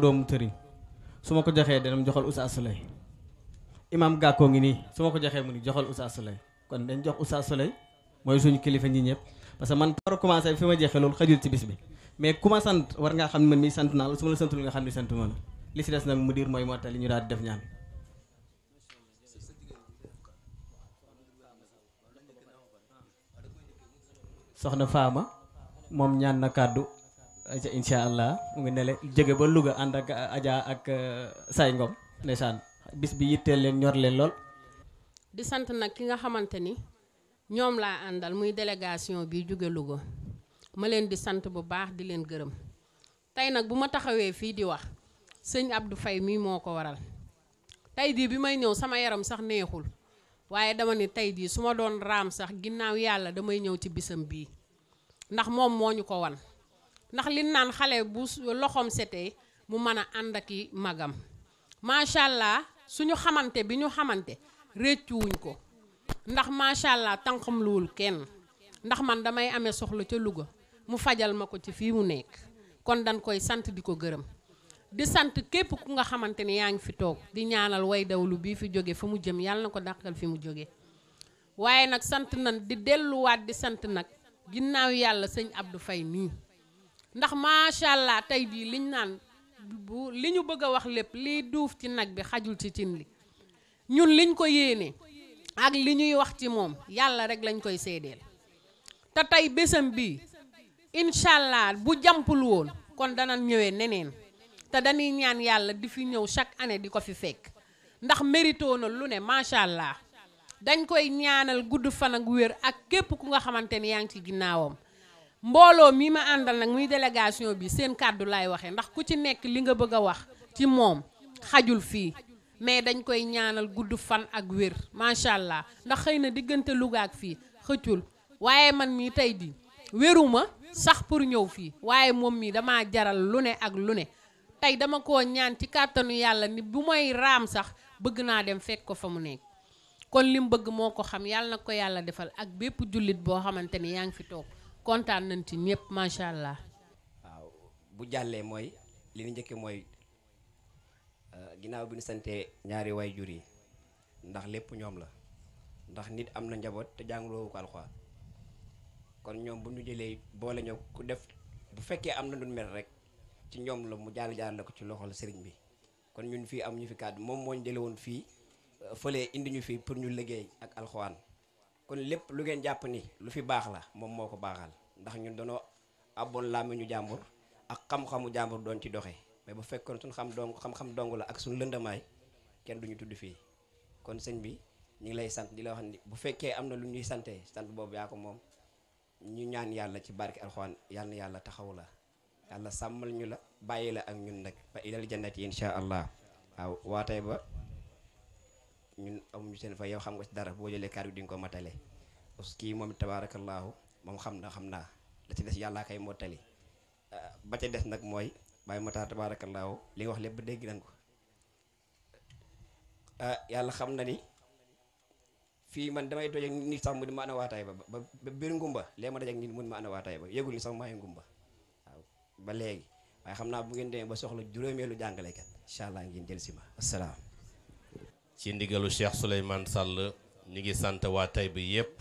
imam Gàkkoo ngi nii su ma ko joxee mu ni joxal Oustaz Souleye kon dañ jox Oustaz Souleye mooy suñu kilifa ñi ñëpp parce que man par commencé fi ma jeexee xajul ci bis bi mais ku sant war ngaa xam ne man mii sant naa la su ma la santul nga xam ne sant ma la li mu ñu daal def ñaan soxna Faama moom ñaan na kàddu incha allah mu ngi nele jóge ba Louga ànd ak uh, Adja ak uh, Say Ngom ndeysaan bis bi yitteel leen ñor leen lool. di sant nag ki nga xamante ni ñoom laa àndal muy délégation bi jóge Louga ma leen di sant bu baax di leen gërëm tey nag bu ma taxawee fii di wax sëñ Abdou Faye mii moo ko waral tey jii bi may ñëw sama yaram sax neexul. waaye dama ni tey jii su ma doon raam sax ginnaaw yàlla damay ñëw ci bisam bii ndax moom moo ñu ko wan ndax li naan xale bu su loxoom setee mu mën a ànd ak i magam macha allah suñu xamante bi ñu xamante réccuwuñ ko ndax macha allah tànqam luwul kenn ndax man damay amee soxla ca Louga mu fajal ma ko ci fi mu nekk kon dañ koy sant di ko gërëm di sant képp ku nga xamante ni yaa ngi fi toog di ñaanal way dawlu bii fi jóge fa mu jëm yàlla ko dàqal fi mu jóge waaye nag sant nan di delluwaat di sant nag ginnaaw yàlla sëñ Abdou Faye nii ndax macha allah tey bii liñ naan bu li ñu bëgg a wax lépp liy duuf ci nag bi xajul ci cin li ñun liñ ko yéene ak li ñuy wax ci moom yàlla rek lañ koy seedeel te tey bésam bi incha allah bu jampul woon kon dana ñëwee neneen. te dañuy ñaan yàlla di fi ñëw chaque année di ko fi fekk ndax mérito na lu ne macha allah dañ koy ñaanal gudd fan ak wér ak képp ku nga xamante ni yaa ngi ci ginnaawam. mbooloo mi ma àndal nag muy délégation bi seen kàddu laay waxee ndax ku ci nekk li nga bëgg a wax ci moom xajul fii mais dañ koy ñaanal gudd fan ak wér macha allah ndax xëy na diggante Louga fii xëccul waaye man mii tey bi wéruma sax pour ñëw fii waaye moom mii dama jaral lu ne ak lu ne. tay dama ko ñaan ci kàttanu yàlla ni bu may raam sax bëgg naa dem fekk ko fa mu nekk kon lim bëgg moo ko xam yàlla na ko yàlla defal ak bépp jullit boo xamante ni yaa ngi fi toog kontaan nañ ci ñëpp macha allah. waaw bu jàllee mooy li ñu njëkkee mooy euh, ginnaaw bi ñu sante ñaari way jur yi ndax lépp ñoom la ndax nit am na njaboot te jàngloowu ko kon ñoom bu ñu jëlee boole ñoo ku def bu fekkee am na mel rek ci ñoom la mu jaar jaar la ko ci loxol sëriñ bi kon ñun fii am ñu fi kàddu moom moo ñu woon fii euh, fële indi ñu fii pour ñu liggéey ak alxuraan kon lépp lu ngeen jàpp ni lu fi baax la moom moo ko baaxal ndax ñun danoo abboon làmmiñu jàmbur ak xam-xamu jàmbur doon ci doxee mais bu fekkoon suñu xam dong xam-xam la ak suñu lëndamaay kenn duñu tudd fii kon sëñ bi ñu ngi lay sant di la wax bu fekkee am na lu ñuy sante sant boobu yaa ko moom ñu ñaan yàlla ci barke alxuraan yàlla na yàlla taxaw la yàlla sàmmal ñu la bàyyi la ak ñun nag ba ilal jannati insha allah waaw waatee ba ñun amuñu seen fa yow xam nga ci dara boo jëlee kàddu di nga ko matale parce que kii moom tabaarakallaahu moom xam na xam naa la ci des yàllaa kay mottali ba ca des nag mooy bàyyi ma taar tabaarakallaahu li nga wax lépp dégg nañ ko yàlla xam na ni fii man damay doj ak nit sax mu di ma ana waataay ba ba biir ngumba lee ma daj ak nit mu di ma ana waataay ba yëgul ni sax maay ngumba ba léegi waaye xam naa bu ngeen demee ba soxla juróomeelu jàngalekat incha allah ngeen jël si ma asalaam. ci ndigalu Cheikh Souleymane Sall ñu ngi sant waa Taïba yépp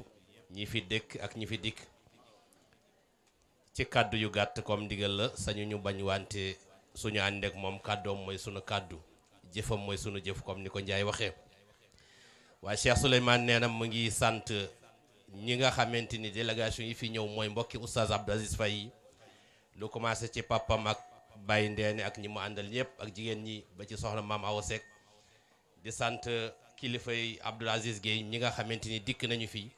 ñi fi dëkk ak ñi fi dikk ci kàddu yu gàtt comme ndigal la sañu ñu bañ wante suñu ànd moom kàddoom mooy sunu kàddu jëfam mooy sunu jëf comme ni ko Njaay waxee waaye Cheikh Souleymane nee na mu ngi sant ñi nga xamante ni délégation yi fi ñëw mooy mbokki oustaz Abdou Aziz Faye lu commencé ci papam ak bàyyi Ndeene ak ñi mu àndal ñëpp ak jigéen ñi ba ci soxna maam Awa Seck di sant kilifa yi Aziz Guèye ñi nga xamante ni dikk nañu fii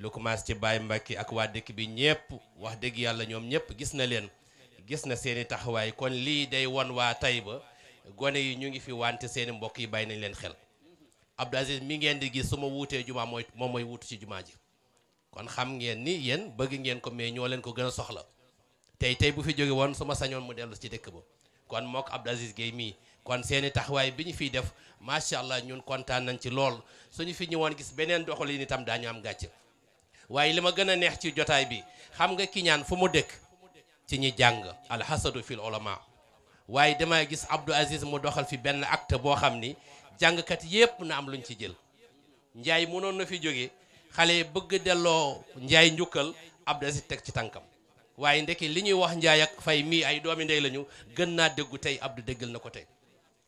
lu commencé ci Baye Mbacke ak waa dëkk bi ñëpp wax dëgg yàlla ñoom ñëpp gis na leen gis na seen i taxawaay kon lii day won waa ba gone yi ñu ngi fi wante seen i mbokk yi bàyyi nañ leen xel Abdoul Aziz mi ngeen di gis su ma wuutee jumaa mooy moom mooy wuutu ci jumaa ji kon xam ngeen ni yéen bëgg ngeen ko mais ñoo leen ko gën a soxla tey tey bu fi jóge woon su ma sañoon mu dellu ci dëkk ba kon mook Abdou Aziz Guèye mii kon seeni taxawaay bi ñu fiy def macha allah ñun kontaan nañ ci lool suñu fi ñëwoon gis beneen doxalin itam daañu am gàcc waaye li ma gën a neex ci jotaay bi xam nga kiñaan fu mu dëkk ci ñi jàng alxasadu fil ulama waaye dama gis Abdou Aziz mu doxal fi benn acte boo xam ni jàngkat yépp na am luñ ci jël njaay mënoon na fi jóge xale bëgg delloo njaay njukkal Abdou Aziz teg ci tànkam waaye ndeke li ñuy wax Njaay ak Fay mii ay doomi ndey lañu gën naa déggu tey Abdou déggal na ko tey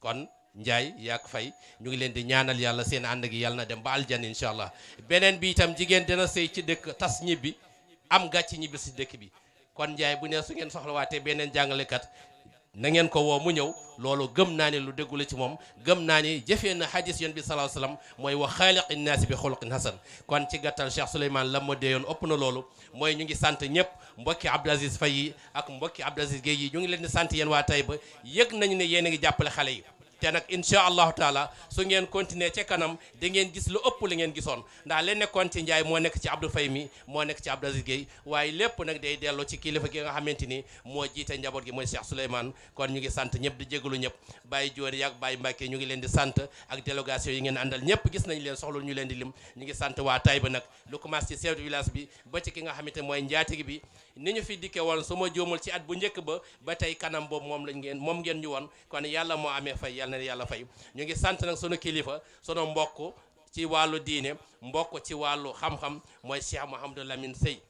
kon Njaay yaak Fay ñu ngi leen di ñaanal yàlla seen ànd gi yàlla na dem ba aljan incha allah beneen bi itam jigéen dina sëy ci dëkk tas ñibbi am gàcc ñibbi si dëkk bi kon Njaay bu ne su ngeen soxlawaatee beneen jàngalekat na ngeen ko woo mu ñëw loolu gëm naa ne lu déggu ci moom gëm naa ne jëfee na hadis yon bi salaahu salaam mooy wa xaaliqi naasi bi xuluqin hasan kon ci gàttal Cheikh Souleymane la ma deeyoon ëpp na loolu mooy ñu ngi sant ñëpp mbokki Abdou Aziz Faye ak mbokki Abdou Aziz Guèye yi ñu ngi leen di sant yéen waa ba yëg nañu ne yéen a ngi jàppale xale yi té nak incha allah taala su ngeen continuer ci kanam di ngeen gis lu upp li ngeen gisoon ndax leen nekkon ci njaay mo nekk ci Abdou Faye mi nek nekk ci Abdou Aziz Gueye waye lepp nak day delo ci kilifa gi nga xamanteni ni jité njabot gi moy Cheikh souleyman kon ñu ngi sante ñëpp di jégalu ñëpp Baye jori ak Baye mbacké ñu ngi leen di sante ak délégation yi ngeen andal ñëpp gis nañ leen soxlu ñu leen di lim ñu ngi sante wa tayba nak lu commencé ci chef de village bi ba ci ki nga moy gi bi ni ñu fi dikke woon su ma jóomul ci at bu njëkk ba ba tey kanam boobu moom lañ ngeen moom ngeen ñu woon kon yàlla moo amee fay yàlla na yàlla fay ñu ngi sant nag sunu kilifa sunu mbokk ci wàllu diine mbokk ci wàllu xam-xam mooy Cheikh Mouhamadou Lamine Seye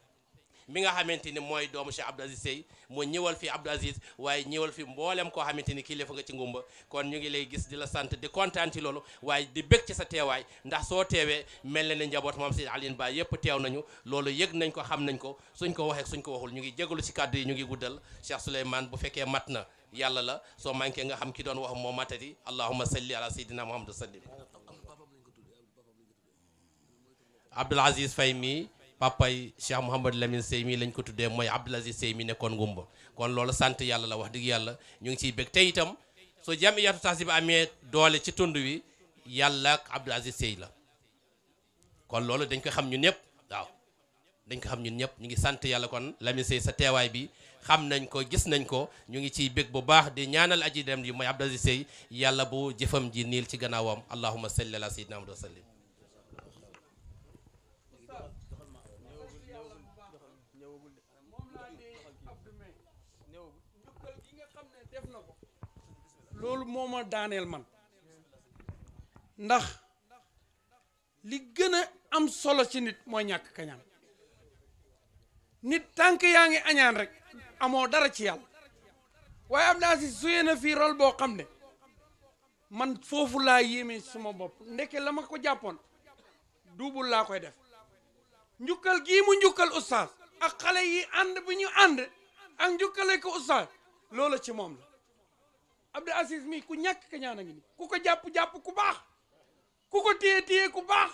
mi nga xamante ni mooy doomu Cheikh Abdou Aziz Sey mu ñëwal fi Abdou Aziz waaye ñëwal fi mboolem koo xamante ni kilifa nga ci ngumba kon ñu ngi lay gis di la sant di kontaan ci loolu waaye di bëgg ci sa teewaay ndax soo teewee mel na njaboot moom si Alioune Ba yëpp teew nañu loolu yëg nañ ko xam nañ ko suñ ko waxee suñ ko waxul ñu ngi jégalu ci kaddu yi ñu ngi guddal Cheikh Souleymane bu fekkee mat na yàlla la soo manqué nga xam ki doon wax moo matati allahumma salli ala sayyidina muhammad sallim Abdoul Aziz Faye mii papay Cheikh Mouhamadou Lamine Sey mii lañ ko tuddee mooy Abdoul Aziz Sey mi nekkoon ngumba kon loolu sant yàlla la wax dëgg yàlla ñu ngi ciy bég te itam soo jamiyatu taxi bi amee doole ci tund wi yàlla ak Abdoul Aziz Sey la kon loolu dañ ko xam ñun ñëpp waaw dañ ko xam ñun ñëpp ñu ngi sant yàlla kon Lamine Sey sa teewaay bi xam nañ ko gis nañ ko ñu ngi ciy bég bu baax di ñaanal aji dem di mooy Abdoul Aziz Sey yàlla bu jëfam ji niil ci gannaawam allahumma salli ala sayyidina Muhammad wa sallim njukkal gi nga xam ne def loolu moo ma daaneel man ndax li gën a am solo ci nit mooy ñàkk kañaan nit tànk yaa ngi añaan rek amoo dara ci yàlla waaye am naa si suyee na fii rol boo xam ne man foofu laa yéeme suma bopp ndeke la ma ko jàppoon duubul laa koy def njukkal gii mu njukkal oustaz ak xale yi ànd bu ñu ànd ak njukkale ko oustaz lolo ci mom la Abdou Aziz mi ku ñak kañaan ngi ku ko japp japp ku bax ku ko téye ku baax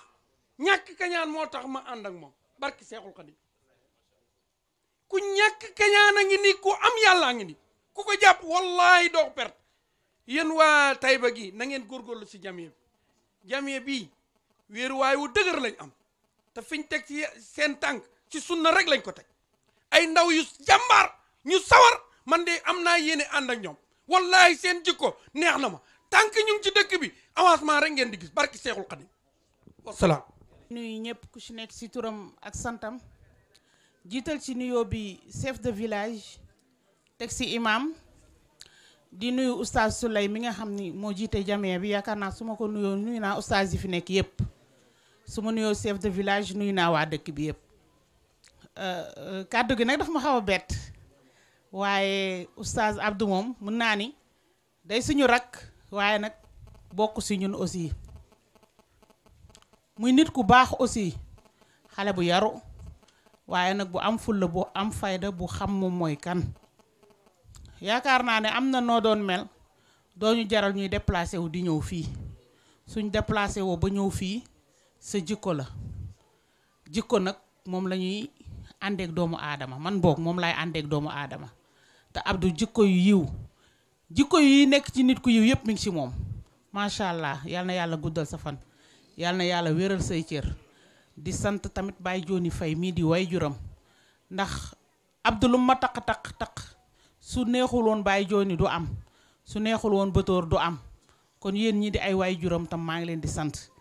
ñàkk kañaan moo tax ma and ak mom barki cheikhul khadim ku ñak kañaan ngi ku am yalla ngi ni ku ko japp wallahi doo perte yeen wa Tayba gi na ngeen si jamiya bi jamiya way wu lañ am ta fiñ tek ci sen tank ci sunna rek lañ ko tek ay ndaw yu jambar ñu sawar man de am naa yéene ànd ak ñoom wallahi seen jikko neex na ma tànk ñu ngi ci dëkk bi avancement rek ngeen di gis barki seexul xadim nuyu ñëpp ku ci nekk ci turam ak santam jiital ci nuyoo bi chef de village teg ci imam di nuyu oustaz Souley mi nga xam ni moo jiite jamee bi yaakaar naa su ma ko nuyoo nuyu naa oustaz yi fi nekk yëpp su ma nuyoo chef de village nuyu naa waa dëkk bi yëpp euh, euh, kàddu gi nag dafa ma xaw a bett waaye oustaz Abdou moom mën naa ni day suñu rakk waaye nag bokk si ñun aussi muy nit ku baax aussi xale bu yaru waaye nag bu am fulla bu am fayda bu xam moom mooy kan yaakaar naa ne am na noo doon mel dooñu jaral ñuy déplacé wu di ñëw fii suñ déplacé woo ba ñëw fii sa jikko la jikko nag moom la ñuy àndeek doomu aadama man boog moom lay àndeek doomu aadama te Abdou jikko yu yiw jikko yu nekk ci nit ku yiw yëpp mi ngi ci moom macha allah yal na yàlla guddal sa fan yàlla na yàlla wéral say cër di sant tamit Baye Joni Faye mii di way juram ndax Abdou lu ma taq taq taq su neexul woon Baye Joni du am su neexul woon Batoor du am kon yéen ñi di ay waay juram tam maa ngi leen di sant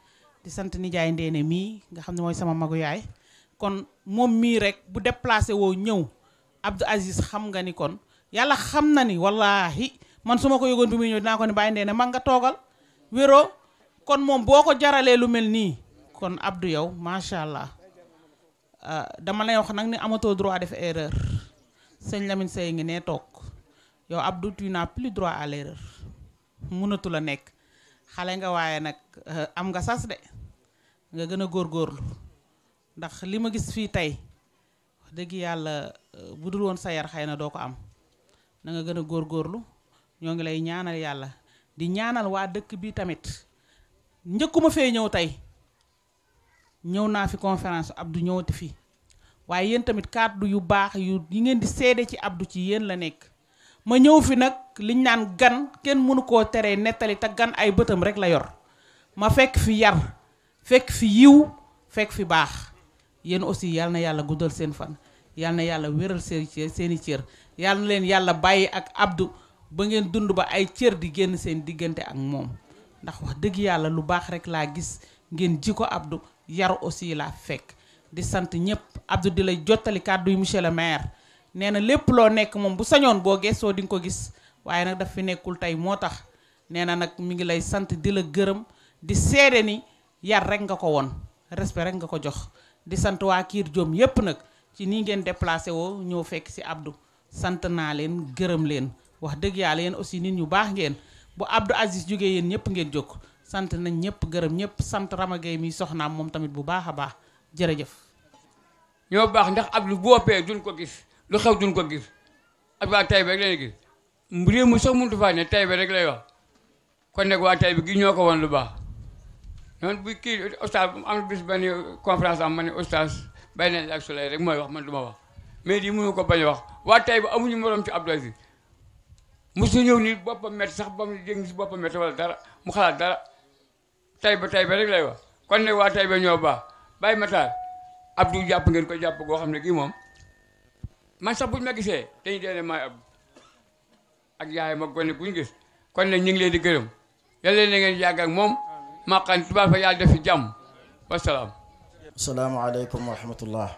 di sant nijaay Ndéene mii nga xam ne mooy sama magu yaay kon moom mii rek bu déplacé woo ñëw Abdou Aziz xam nga ni kon yalla xamna ni wallahi man suma ko yegon bi muy ñëw ko ne baye ndee ma nga togal wero kon mom boko jarale lu melni, kon abdou yow sha allah ah, dama lay wax nak ni amato droit def erreur seigne Lamine sey ngi ne tok yow abdou tu n'as plus droit à l'erreur munatu la nek xale nga waye nak eh, am nga sas de nga gën gor góorgóorlu ndax lima gis fi tay wax dëgg yàlla eh, bu sa yar am na gën a góor góorlu ñoo ngi lay ñaanal yàlla di ñaanal waa dëkk bi tamit njëkkuma fee ñëw tey ñëw naa fi conférence Abdou ñëwati fi waaye yéen tamit kàddu yu baax yu yi ngeen di seede ci Abdou ci yéen la nekk ma ñëw fi nag liñ naan gan kenn mënu koo teree nettali te gan ay bëtam rek la yor ma fekk fi yar fekk fi yiw fekk fi baax yéen aussi yàlla na yàlla guddal seen fan yal na yàlla wéral seen seeni cër yalla len yalla bayi ak abdu ba ngeen dund ba ay cër di genn seen digeunte ak moom ndax wax deug yalla lu bax rek la gis ngeen jiko abdu yar aussi la fek di sante ñep abdu di lay jotali cadeau yi monsieur le maire neena lepp lo nek mom bu sañoon bo gestoo di ko gis waye nak daf fi nekkul tey moo tax mi ngi lay sante di la di sédé ni yar rek nga ko won respect rek nga ko jox di sante wa kir jom yep nak ci ni ngeen déplacer wo ñoo fekk si abdu sant naa leen gërëm leen wax dëgg yàlla yéen aussi nit ñu baax ngeen bu Abdou Aziz jógee yéen ñëpp ngeen jóg sant nañ ñëpp gërëm ñëpp sant Ramagay mi soxnaam moom tamit bu baax a baax jërëjëf. ñoo baax ndax Abdou lu woppee duñ ko gis lu xew duñ ko gis ak waa Taïba rek lay gis réew mi sax mënut faa ne Taïba rek lay wax kon nekk waa Taïba gi ñoo ko woon lu baax. noonu bu kii oustaz am na bis benn conférence am ma ne oustaz bàyyi neen la ak soleil rek mooy wax man du ma wax. mais lii mënu ko bañ wax waa tey ba amuñu morom ci Abdou Aziz mosu ñëw ni boppam métti sax ba mu dégg si boppam métti wala dara mu xalaat dara tey ba tey ba rek lay wax kon ne waa tey ba ñoo baax bàyyi mataar Abdou jàpp ngeen ko jàpp goo xam ne kii moom man sax buñ ma gisee dañu dee maay Abdou ak yaay ma gone buñ gis kon ne ñu ngi leen di gërëm yàlla na ngeen yàgg ak moom maqan tubaab fa yaa def fi jàmm wasalaam. salaamaaleykum wa rahmatullah.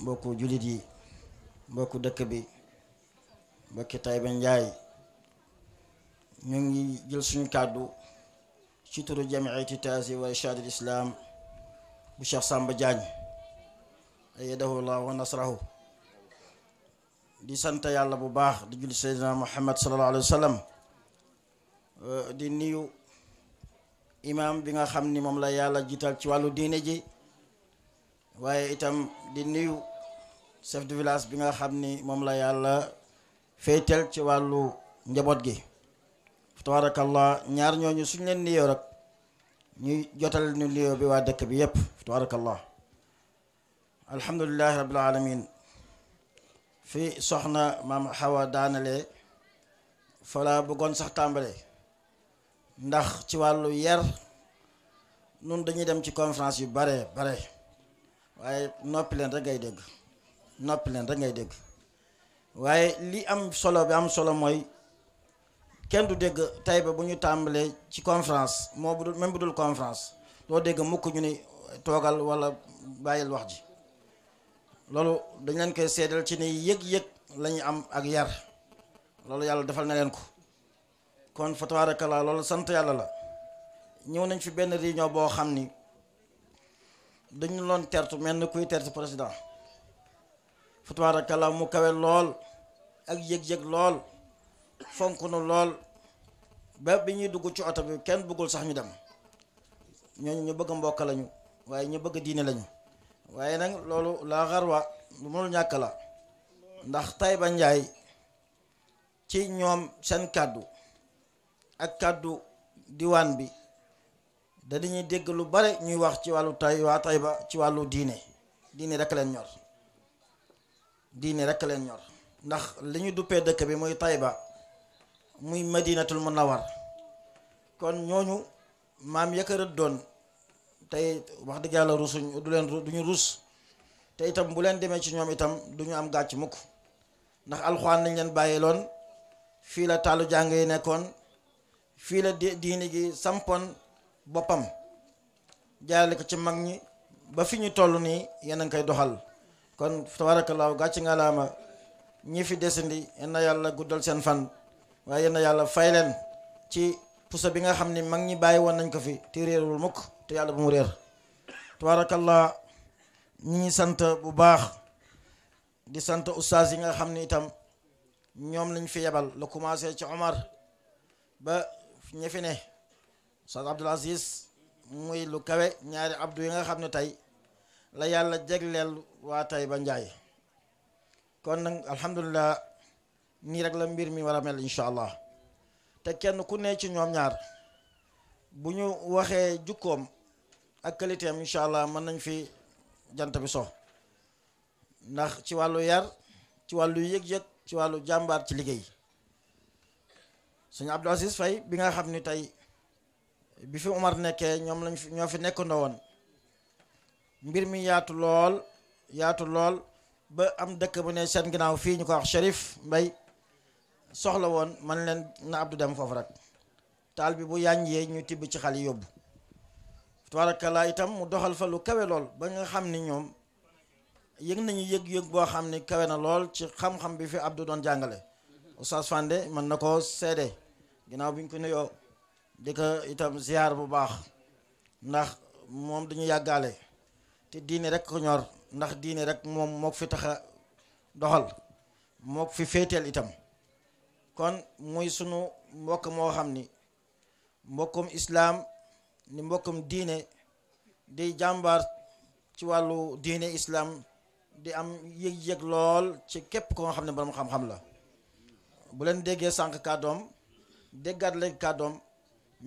mbokku jullit yi mbokku dëkk bi mbokki Taïba Ndiaye ñu ngi jël suñu kàddu ci turu jamiati taasi wa irshaadul islaam bu Cheikh Samba Diagne ayyadahu allah wa nasrahu di sant yàlla bu baax di julli seydina Muhammad sallallahu alayhi wa di nuyu imaam bi nga xam ni moom la yàlla jiital ci wàllu diine ji waaye itam di nuyu chef de village bi nga xam ni moom la yàlla féetal ci wàllu njaboot gi tabaarakallah ñaar ñooñu suñ leen nuyoo rek ñuy jotal ñu nuyoo bi waa dëkk bi yépp tabaarakallah alhamdulilahi rabbil alamin fi soxna maam xawa daanale fala bëggoon sax tàmbale ndax ci wàllu yar nun dañuy dem ci conférence yu bare bare waaye noppi leen rek ngay dégg noppi leen rek ngay dégg waaye li am solo bi am solo mooy kenn du dégg tey ba bu ñu tàmbalee ci conférence moo bu dul même bu dul conférence loo dégg mukk ñu ni toogal wala bàyyil wax ji loolu dañ leen koy seedal ci ne yëg-yëg lañu am ak yar loolu yàlla defal na leen ko kon fa tabaaraka loolu sant yàlla la ñëw nañ fi benn réunion boo xam ni dañu loon tertu mel ni kuy tertu président fa tabaarakallaa mu kawe lool ak yëg-yëg lool fonk nu lool ba bi ñuy dugg ci oto bi kenn bëggul sax ñu dem ñooñu ñu bëgg mbokk lañu waaye ñu bëgg diine lañu waaye nag loolu laa xarwa lu mënul ñàkk la ndax Taïba Ndiaye ci ñoom seen kàddu ak kàddu diwaan bi da dañuy dégg lu bare ñuy wax ci wàllu tay waa tay ba ci wàllu diine diine rek leen ñor diine rek leen ñor ndax li ñu duppee dëkk bi muy ba muy madinatul munawar kon ñooñu maam yëkkërët doon tey wax dëgg yàlla rusuñ du leen du ñu rus te itam bu leen demee ci ñoom itam duñu am gàcc mukk ndax alxuraan lañ leen bàyyi loon fii la taalu jàng yi nekkoon fii la diine gi sampoon boppam jaarale ko ci mag ñi ba fi ñu toll nii yéen a ngi koy doxal kon tabaarakallaahu gàcce nga laama ñi fi desandi yéen na yàlla guddal seen fan waaye yéen na yàlla fay leen ci puso bi nga xam ni mag ñi bàyyi woon nañ ko fi te réerul mukk te yàlla bu mu réer tabaarakallaa ñi ngi sant bu baax di sant ustaas yi nga xam ni itam ñoom lañ fi yebal la commencé ci Omar ba ñi Oustaz Abdoul Aziz muy lu kawe ñaari abdu yi nga xam ne tey la yàlla jegleel waa tey ba njaay kon nag alhamdulilah nii rek la mbir mi war a mel incha allah te kenn ku ne ci ñoom ñaar bu ñu waxee jukkoom ak qualité am allah mën nañ fi jant bi so ndax ci wàllu yar ci wàllu yëg-yëg ci wàllu jàmbaar ci liggéey sëñ Abdoul Aziz Faye bi nga xam ni tey bi fi Umar nekkee ñoom lañu fi ñoo fi nekkandoo woon mbir mi yaatu lool yaatu lool ba am dëkk bu ne seen ginnaaw fii ñu ko wax Cherif Mbay soxla woon man leen na Abdou dem foofu rek taal bi bu yànjee ñu tibb ci xal yi yóbbu tabarakallah itam mu doxal fa lu kawe lool ba nga xam ni ñoom yëg nañu yëg-yëg boo xam ni kawe na lool ci xam-xam bi fi Abdou doon jàngale Oustaz Fandé mën na koo seede ginnaaw bi ñu ko nuyoo di itam ziar bu baax ndax moom dañu yàggaale te diine rek ko ñor ndax diine rek moom mook fi tax doxal mook fi féeteel itam kon muy sunu mbokk moo xam ni mbokkum islaam ni mbokkum diine di jàmbaar ci wàllu diine islaam di am yëg-yëg lool ci képp ko nga xam ne borom xam-xam la bu leen déggee sànq kàddoom déggaat leen kàddoom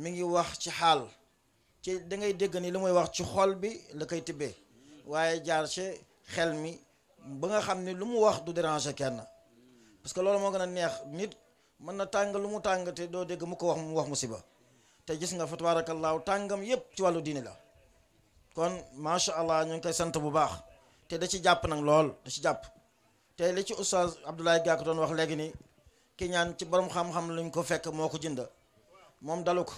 mi ngi wax ci xaal ci da ngay dégg nii li muy wax ci xool bi la koy tibbee waaye jaar ci xel mi ba nga xam ni lu mu wax du déranger kenn parce que loolu moo gën a neex nit mën na tàng lu mu tàng te doo dégg mu ko wax mu wax musiba te gis nga fa laaw tàngam yépp ci wàllu diini la kon macha allah ñu ngi koy sant bu baax te da ci jàpp nag lool da ci jàpp te li ci oustaz Abdoulaye Gakou doon wax léegi nii ki ñaan ci borom xam-xam lañ ko fekk moo ko jënd mom daluk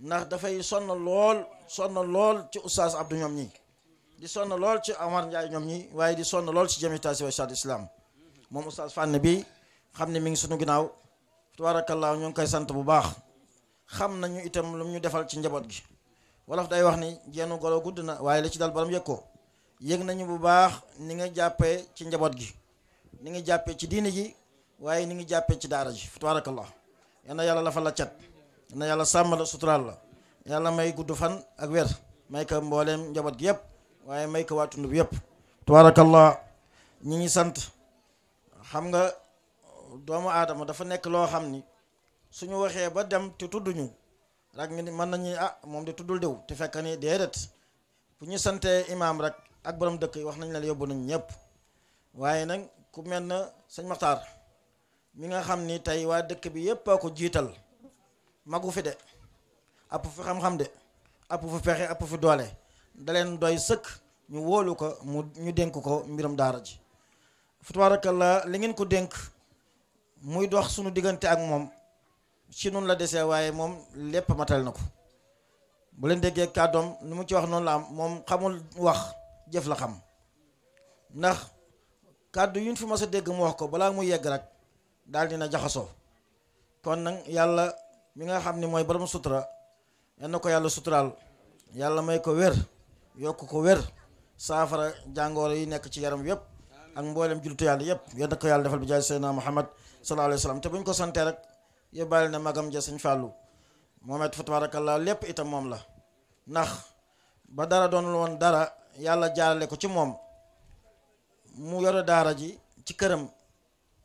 ndax da fay son lol son lol ci oustaz abdou ñom ñi di son lol ci amar ndjay ñom ñi waye di son lol ci jami ta wa shad islam mom oustaz fane bi xam mi ngi sunu ginaaw tabarakallah ñu ngi koy bu baax xam nañu itam lu ñu defal ci njabot gi wolof day wax ni jenu golo guduna na la ci dal borom yekko Yeg nañu bu baax ni nga jappé ci njabot gi ni nga jappé ci diini ji waye ni nga jappé ci daara ji tabarakallah yana yalla la fa la na yalla samal sutural la yalla may guddu fan ak wer may ka mbollem njaboot gi yëpp waaye may ka waa tund bi yëpp tabaarakallah ñi ngi sant xam nga doomu adam dafa nek lo xamni suñu waxe ba dem te tudd ñu rek nga nañu ah mom di tuddul dew te fekk ni bu ñu santee imam rek ak borom dekk wax nañ la yobbu nañ ñep waye nak ku melna mi nga xamni tay wa dekk bi yep ko jital magu fi de app fi xam-xam de app fi pexe app fi doole da leen doy sëkk ñu woolu ko mu ñu dénk ko mbiram daara ji fa la li ngeen ko dénk muy dox sunu diggante ak moom si noonu la desee waaye moom lépp matal na ko bu leen déggee kàddoom ni mu ci wax noonu la am moom xamul wax jëf la xam ndax kàddu yuñ fi mas a dégg mu wax ko balaa mu yegg rek daal dina jaxasoo kon nag yàlla mi nga xam ne mooy borom sutura yal na ko yàlla suturaal yàlla may ko wér yokk ko wér saafara jàngoro yi nekk ci yaram yëpp ak mboolem jullitu yàlla yëpp yal na ko yàlla defal bi jaay Seydina Muhammad sallallahu alayhi wa sallam te buñ ko santee rek yóbbaale na magam ja sëñ Fallou moomet fa tabarakallah lépp itam moom la ndax ba dara doonul woon dara yàlla jaarale ko ci moom mu yore daara ji ci këram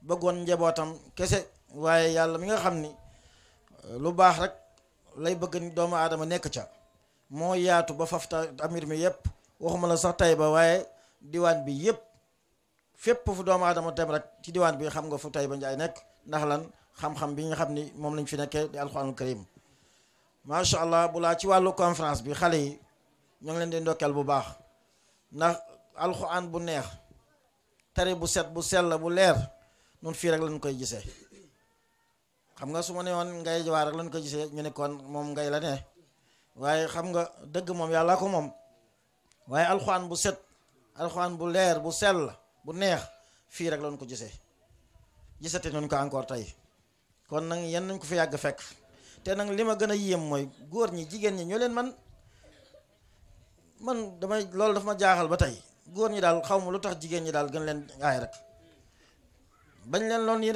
bëggoon njabootam kese waaye yàlla mi nga xam ni lu baax rek lay bëgg ni doomu aadama nekk ca moo yaatu ba fafta amir mi yëpp waxuma la sax ba waaye diwaan bi yëpp fépp fu doomu aadama dem rek ci diwaan bi xam nga fu ba Njaay nekk ndax lan xam-xam bi nga xam ni moom lañ fi nekkee di alxuraanul karim macha allah bu laa ci wàllu conférence bi xale yi ñoo ngi leen di ndokkeel bu baax ndax alxuraan bu neex tari bu set bu sell bu leer noonu fii rek lañ koy gisee xam nga su ma ne woon ngay jawaar rek lañu ko gisee ñu ne kon moom ngay la ne waaye xam nga dëgg moom yàlla ko moom waaye alxuraan bu set alxuraan bu leer bu sell bu neex fii rek lañ ko gisee gisate nañ ko encore tey kon nag yan nañ ko fi yàgg fekk te nag li ma gën a yéem mooy góor ñi jigéen ñi ñoo leen man man damay loolu dafa ma jaaxal ba tey góor ñi daal xaw ma lu tax jigéen ñi daal gën leen aay rek bañ leen loon yi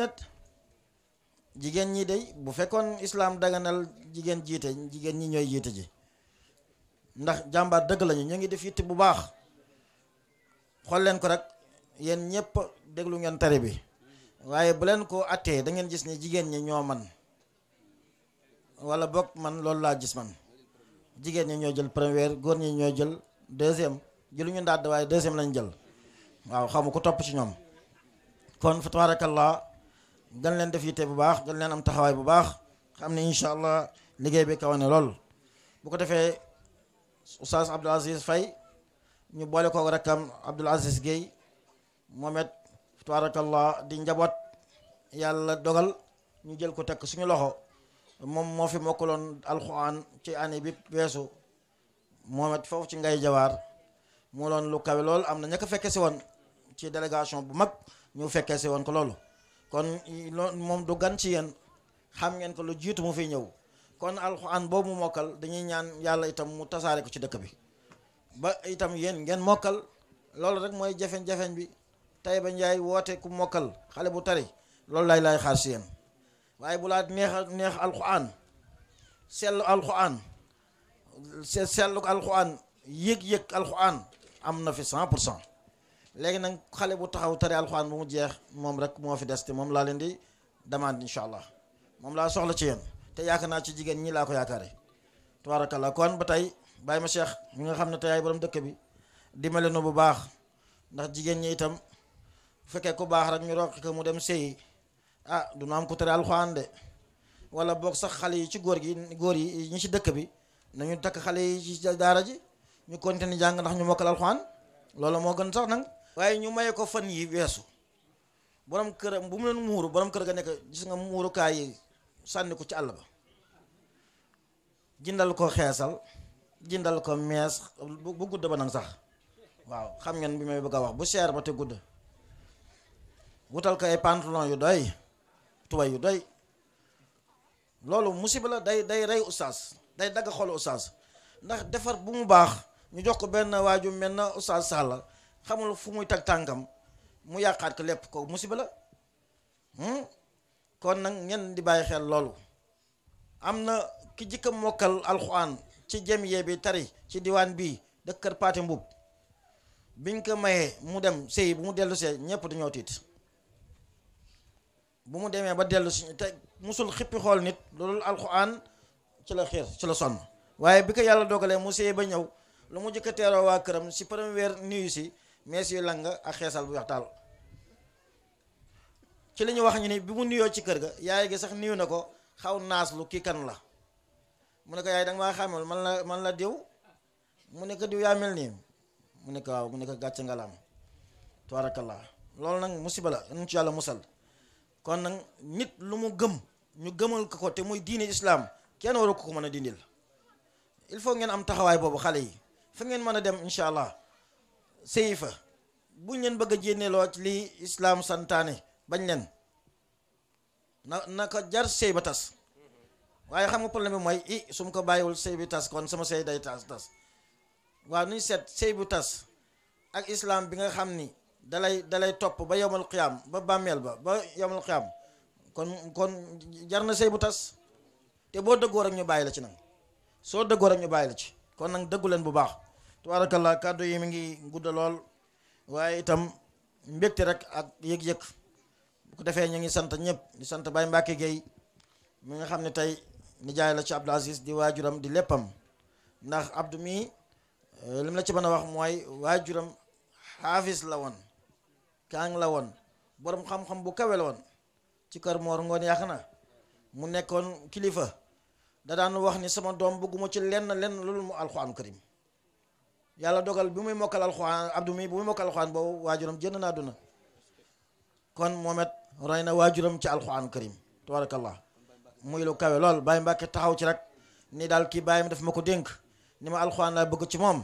jigéen ñi day bu fekkoon islaam daganal jigéen jiite jigéen ñi ñooy jiite ji ndax jàmbaar dëgg lañu ñu ngi def yitte bu baax xool leen ko rek yéen ñëpp déglu ngeen tari bi waaye bu leen ko attee da ngeen gis ne jigéen ñi ñoo man wala bokk man loolu laa gis man jigéen ñi ñooy jël première góor ñi ñoo jël deuxième jëluñu ndaat waaye deuxième lañ jël waaw xamu ko topp ci ñoom kon fa tabarakallah gën leen def yitte bu baax gën leen am taxawaay bu baax xam ne incha allah liggéey bi kawane lool bu ko defee oustaz Abdoul Aziz fay ñu boole koog rakkam Abdoul Aziz Guèye moom it di njaboot yàlla dogal ñu jël ko tekk suñu loxo moom moo fi mokkaloon alquran ci année bi weesu moom it foofu ci ngay jawaar mu doon lu kawe lool am na ña ko si woon ci délégation bu mag ñu fekkee si woon ko loolu kon loolu moom du gan ci yéen xam ngeen ko lu jiitu mu fi ñëw kon alxu alxuraan boobu mu mokkal dañuy ñaan yàlla itam mu tasaare ko ci dëkk bi ba itam yéen ngeen mokkal loolu rek mooy jafeñ-jafeñ bi tey ba njaay woote ku mokkal xale bu tari loolu lay lay xaar si yéen waaye bu laa neex neex alxuraan sellu alxuraan sellu alxuraan yëg-yëg alxuraan am na fi cent pour cent léegi nag xale bu taxaw tari alxuraan bu mu jeex moom rek moo fi des te moom laa leen di demande incha allah moom laa soxla ci yéen te yaakaar naa ci jigéen ñi laa ko yaakaare tabarakallah kon ba tey bàyyi ma cheikh mi nga xam ne tey ay borom dëkk bi dimbale nu bu baax ndax jigéen ñi itam fekkee ku baax rek ñu roq ko mu dem sëyi ah du na am ku tari alxuraan de wala boog sax xale yi ci góor gi góor yi ñi ci dëkk bi nañu takk xale yi ci daara ji ñu continuer jàng ndax ñu mokkal alxuraan loolu moo gën sax nag waaye ñu maye ko fan yi weesu boroom kër bu mu leen muuru borom kër ga nekk gis nga muurukaay sànni ko ci àll ba jëndal ko xeesal jëndal ko mees bu gudd ba nag sax waaw xam ngeen bi may bëgg a wax bu seer ba te gudd wutal ko ay pantalon yu doy tubay yu doy loolu musiba la day day rey oustaz day dagg xol oustaz ndax defar bu mu baax ñu jox ko benn waaju mel na oustaz Sall xamul fu muy tag tangam mu yaqaat ko lepp ko musiba la hmm? kon nak ñen di baye xel lolu amna ki jikko mokal alquran ci jamiye bi tari ci diwan bi de keur paati mbub biñ ko maye mu dem sey bu mu dellu see ñëpp dañoo tit bu mu demee ba delu musul xippi xol nit loolu Alquran, ci la xiir ci la son waye bi ko yalla dogalee mu sey ba ñew lu mu jikko teeroo wa kërëm si premier nuit mees langa ak xéssal bu weex taalu ci liñu wax ñu ni bi mu nuyoo ci kër ga yaay gi sax niyu nako xaw naas lu kan la mu ne ko yaay da nga maa xamal man la man la diw mu ne ko diw ya melni mu ne ko mu ne ko nga lam tabarakallah nak musiba la ñu ci yalla musal kon nang nit lu mu gëm ñu gëmal ko ko te moy diine islam kenn waru ko ko mëna dindil il faut ngeen am taxaway bobu xalé yi fa ngeen mëna dem inshallah sëy fa buñ leen bëgg a jénneloo ci lii islaam santaane bañ leen na naka jar sëy ba tas waaye xam nga problème bi mooy i su ma ko bàyyiwul sëy bi tas kon sama sëy day tas tas waaw nuñ seet sëy bu tas ak islaam bi nga xam ni dalay dalay topp ba yowmal xiyaam ba bàmmeel ba ba yowmal xiyaam kon kon jar na sëy bu tas te boo dëggoo rek ñu bàyyi la ci nag soo dëggoo rek ñu bàyyi la ci kon nag dëggu leen bu baax tabarakallah kàddu yi mi ngi gudd lool waaye itam mbégte rek ak yëg-yëg bu ko defee ñu ngi sant ñëpp di sant Baye Mbacke Gueye mu nga xam ne tey nijaay la ci Abdou Aziz di waajuram di léppam ndax Abdou mii eh, li mu la ci mën a wax mooy waajuram xaafis la woon kaang la woon borom xam bu kawe la ci kër Mor yàq na mu nekkoon kilifa da daan wax ni sama doom bëgguma ci lenn lenn loolu mu alxuraan karim yàlla dogal bi muy mokkal alxuraan abdu mi bu muy mokkal alxuraan boobu waajuram jënd naa duna kon moom it roy na waajuram ci alxuraan karim tabarakallah muy lu kawe lool Baye Mbacke taxaw ci rek ni daal kii bàyyam daf ma ko dénk ni ma alxuraan laa bëgg ci moom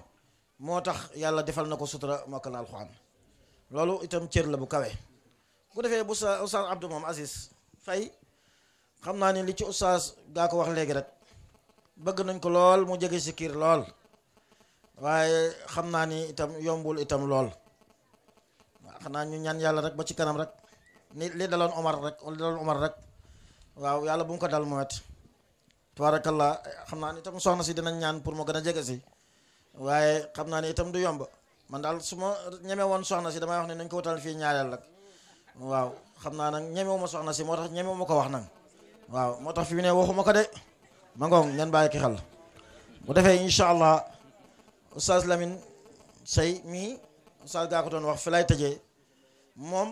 moo tax yàlla defal na ko sutura mokkal alxuraan loolu itam cër la bu kawe bu defee bu sa oustaz abdou moom Aziz Faye xam naa ne li ci oustaz gaa ko wax léegi rek bëgg nañ ko lool mu jege si kiir lool waaye xam naa ni itam yombul itam lool xam naa ñu ñaan yàlla rek ba ci kanam rek ni li daloon Omar rek li daloon Omar rek waaw yàlla bu mu ko dal mu wet tabarakallah xam naa ni itam soxna si dinañ ñaan pour mu gën a jege si waaye xam naa ni itam du yomb man daal su ma woon soxna si damay wax ne nañ ko wutal fii ñaareel rek waaw xam naa nag ñemewu soxna si moo tax ñemewu ko wax nag waaw moo tax fi mu ne waxuma ko de ma ngoog ngeen bàyyi ki xel bu defee incha oustaz Lamine Sey mii oustaz gaa ko doon wax fi lay tëjee moom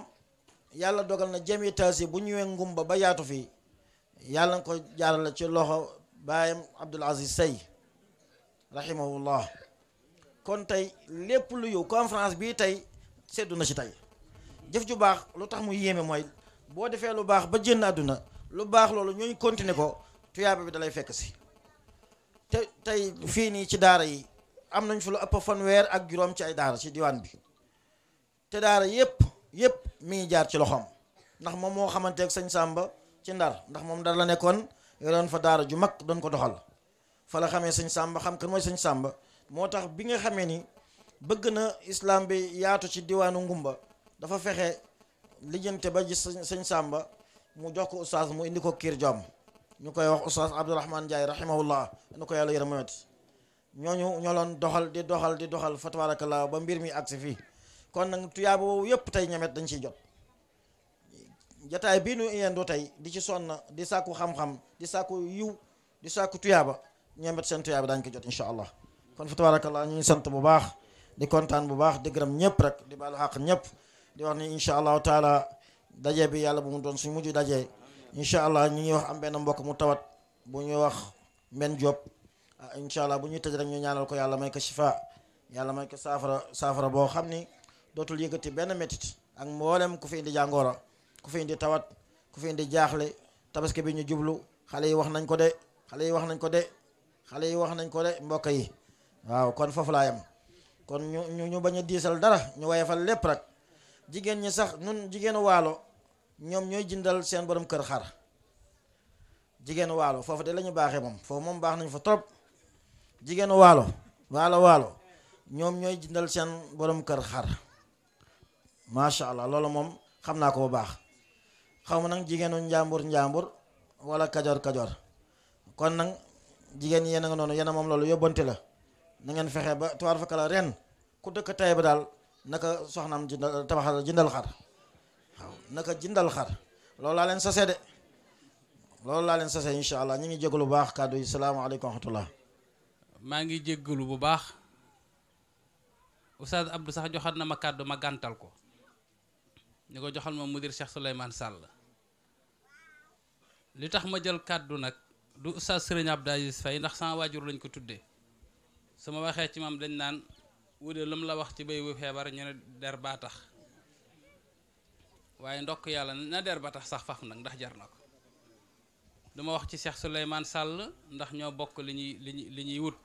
yàlla dogal na jëm yi taasi bu ñëwee ngumba ba yaatu fii yàlla nga ko jaarale ci loxo baayam Abdul Aziz Sey rahimahullah kon tey lépp lu yow conférence bii tey seddu na ci tey jëf ju baax lu tax mu yéeme mooy boo defee lu baax ba jënn àdduna lu baax loolu ñooñu continuer ko tuyaaba bi dalay fekk si te tey fii nii ci daara yi am nañ fa lu ëpp fanweer ak juróom ci ay daara ci diwaan bi te daara yépp yépp mi ngi jaar ci loxoom ndax moom moo xamanteeg sëñ sàmba ci ndar ndax moom ndar la nekkoon yoroon fa daara ju mag doon ko doxal fa la xamee sëñ sàmba xam kan mooy sañ sàmba moo tax bi nga xamee ni bëgg na islam bi yaatu ci diwaanu Ngumba dafa fexe lijjante ba gis sëñ Samba mu jox ko oustaz mu indi ko kiir joom ñu koy wax oustaz Abdourahmane Ndiaye rahimahullah nu ko yàlla yërëm ñoñu ñolon doxal di doxal di doxal fatwarakallah ba mbir mi aksi fi kon nak tuyaabo yep tay ñamet dañ ci jot jataay bii nu yendu tay di ci son di saku xam-xam di saku yu di saku tuyaaba ñamet sen tuyaaba dañ ko jot inshallah allah kon fatwarakallah tabarakallah ñu sant bu baax di contane bu baax di gërëm ñep rek di baal haq ñep di wax ni inshallah taala daje bi yalla bu mu doon suñu muju inshallah allah wax am ben mbokk mu tawat bu ñu wax men job Ah, incha allah bu ñuy tëj rek ñu ñaanal ko yàlla may ko shifa yàlla may ko saafara saafara boo xam ni dootul yëkkati benn métit ak mboolem ku fi indi jàngoora ku fi indi tawat ku fi indi jaaxle tabaski bi ñu jublu xale yi wax nañ ko de xale yi wax nañ ko de xale yi wax nañ ko de mbokk yi waaw kon foofu laa yam kon ñu ñu ñu bañ a diisal dara ñu wayefal lépp rek jigéen ñi sax nun jigéenu waalo ñoom ñooy jëndal seen borom kër xar jigéenu waalo foofu de la ñu baaxee moom foofu moom baax jigen walo walo walo ñom ñoy jindal sen borom kër xar ma sha Allah lolu mom xamna ko bax xawma nak jigenu njambur njambur wala kajor kajor kon nak jigen yena nga nonu yena mom lolo yobonte la na ngeen fexé ba tuwar fa kala ren ku dekk tay ba dal naka soxnam jindal tabaxal jindal xar naka jindal xar lolo la len sosé de lolu la len sosé inshallah ñi ngi jéglu bax kaddu assalamu alaykum wa rahmatullah mangi ngi jéggalu bu baax oustad Abdou sax joxat na ma kaddu ma gantal ko ni ko joxal ma mudir Cheikh souleyman Sall li tax ma jël kaddu nak du oustad Serigne Abdou Aziz ndax sa wajur lañ ko tuddé sama waxé ci mam dañ nan wude lam la wax ci bay wu febar ñu der ba tax waye ndokk yalla na der ba tax sax faf nak ndax jar duma wax ci Cheikh souleyman Sall ndax ño bok liñuy liñuy wut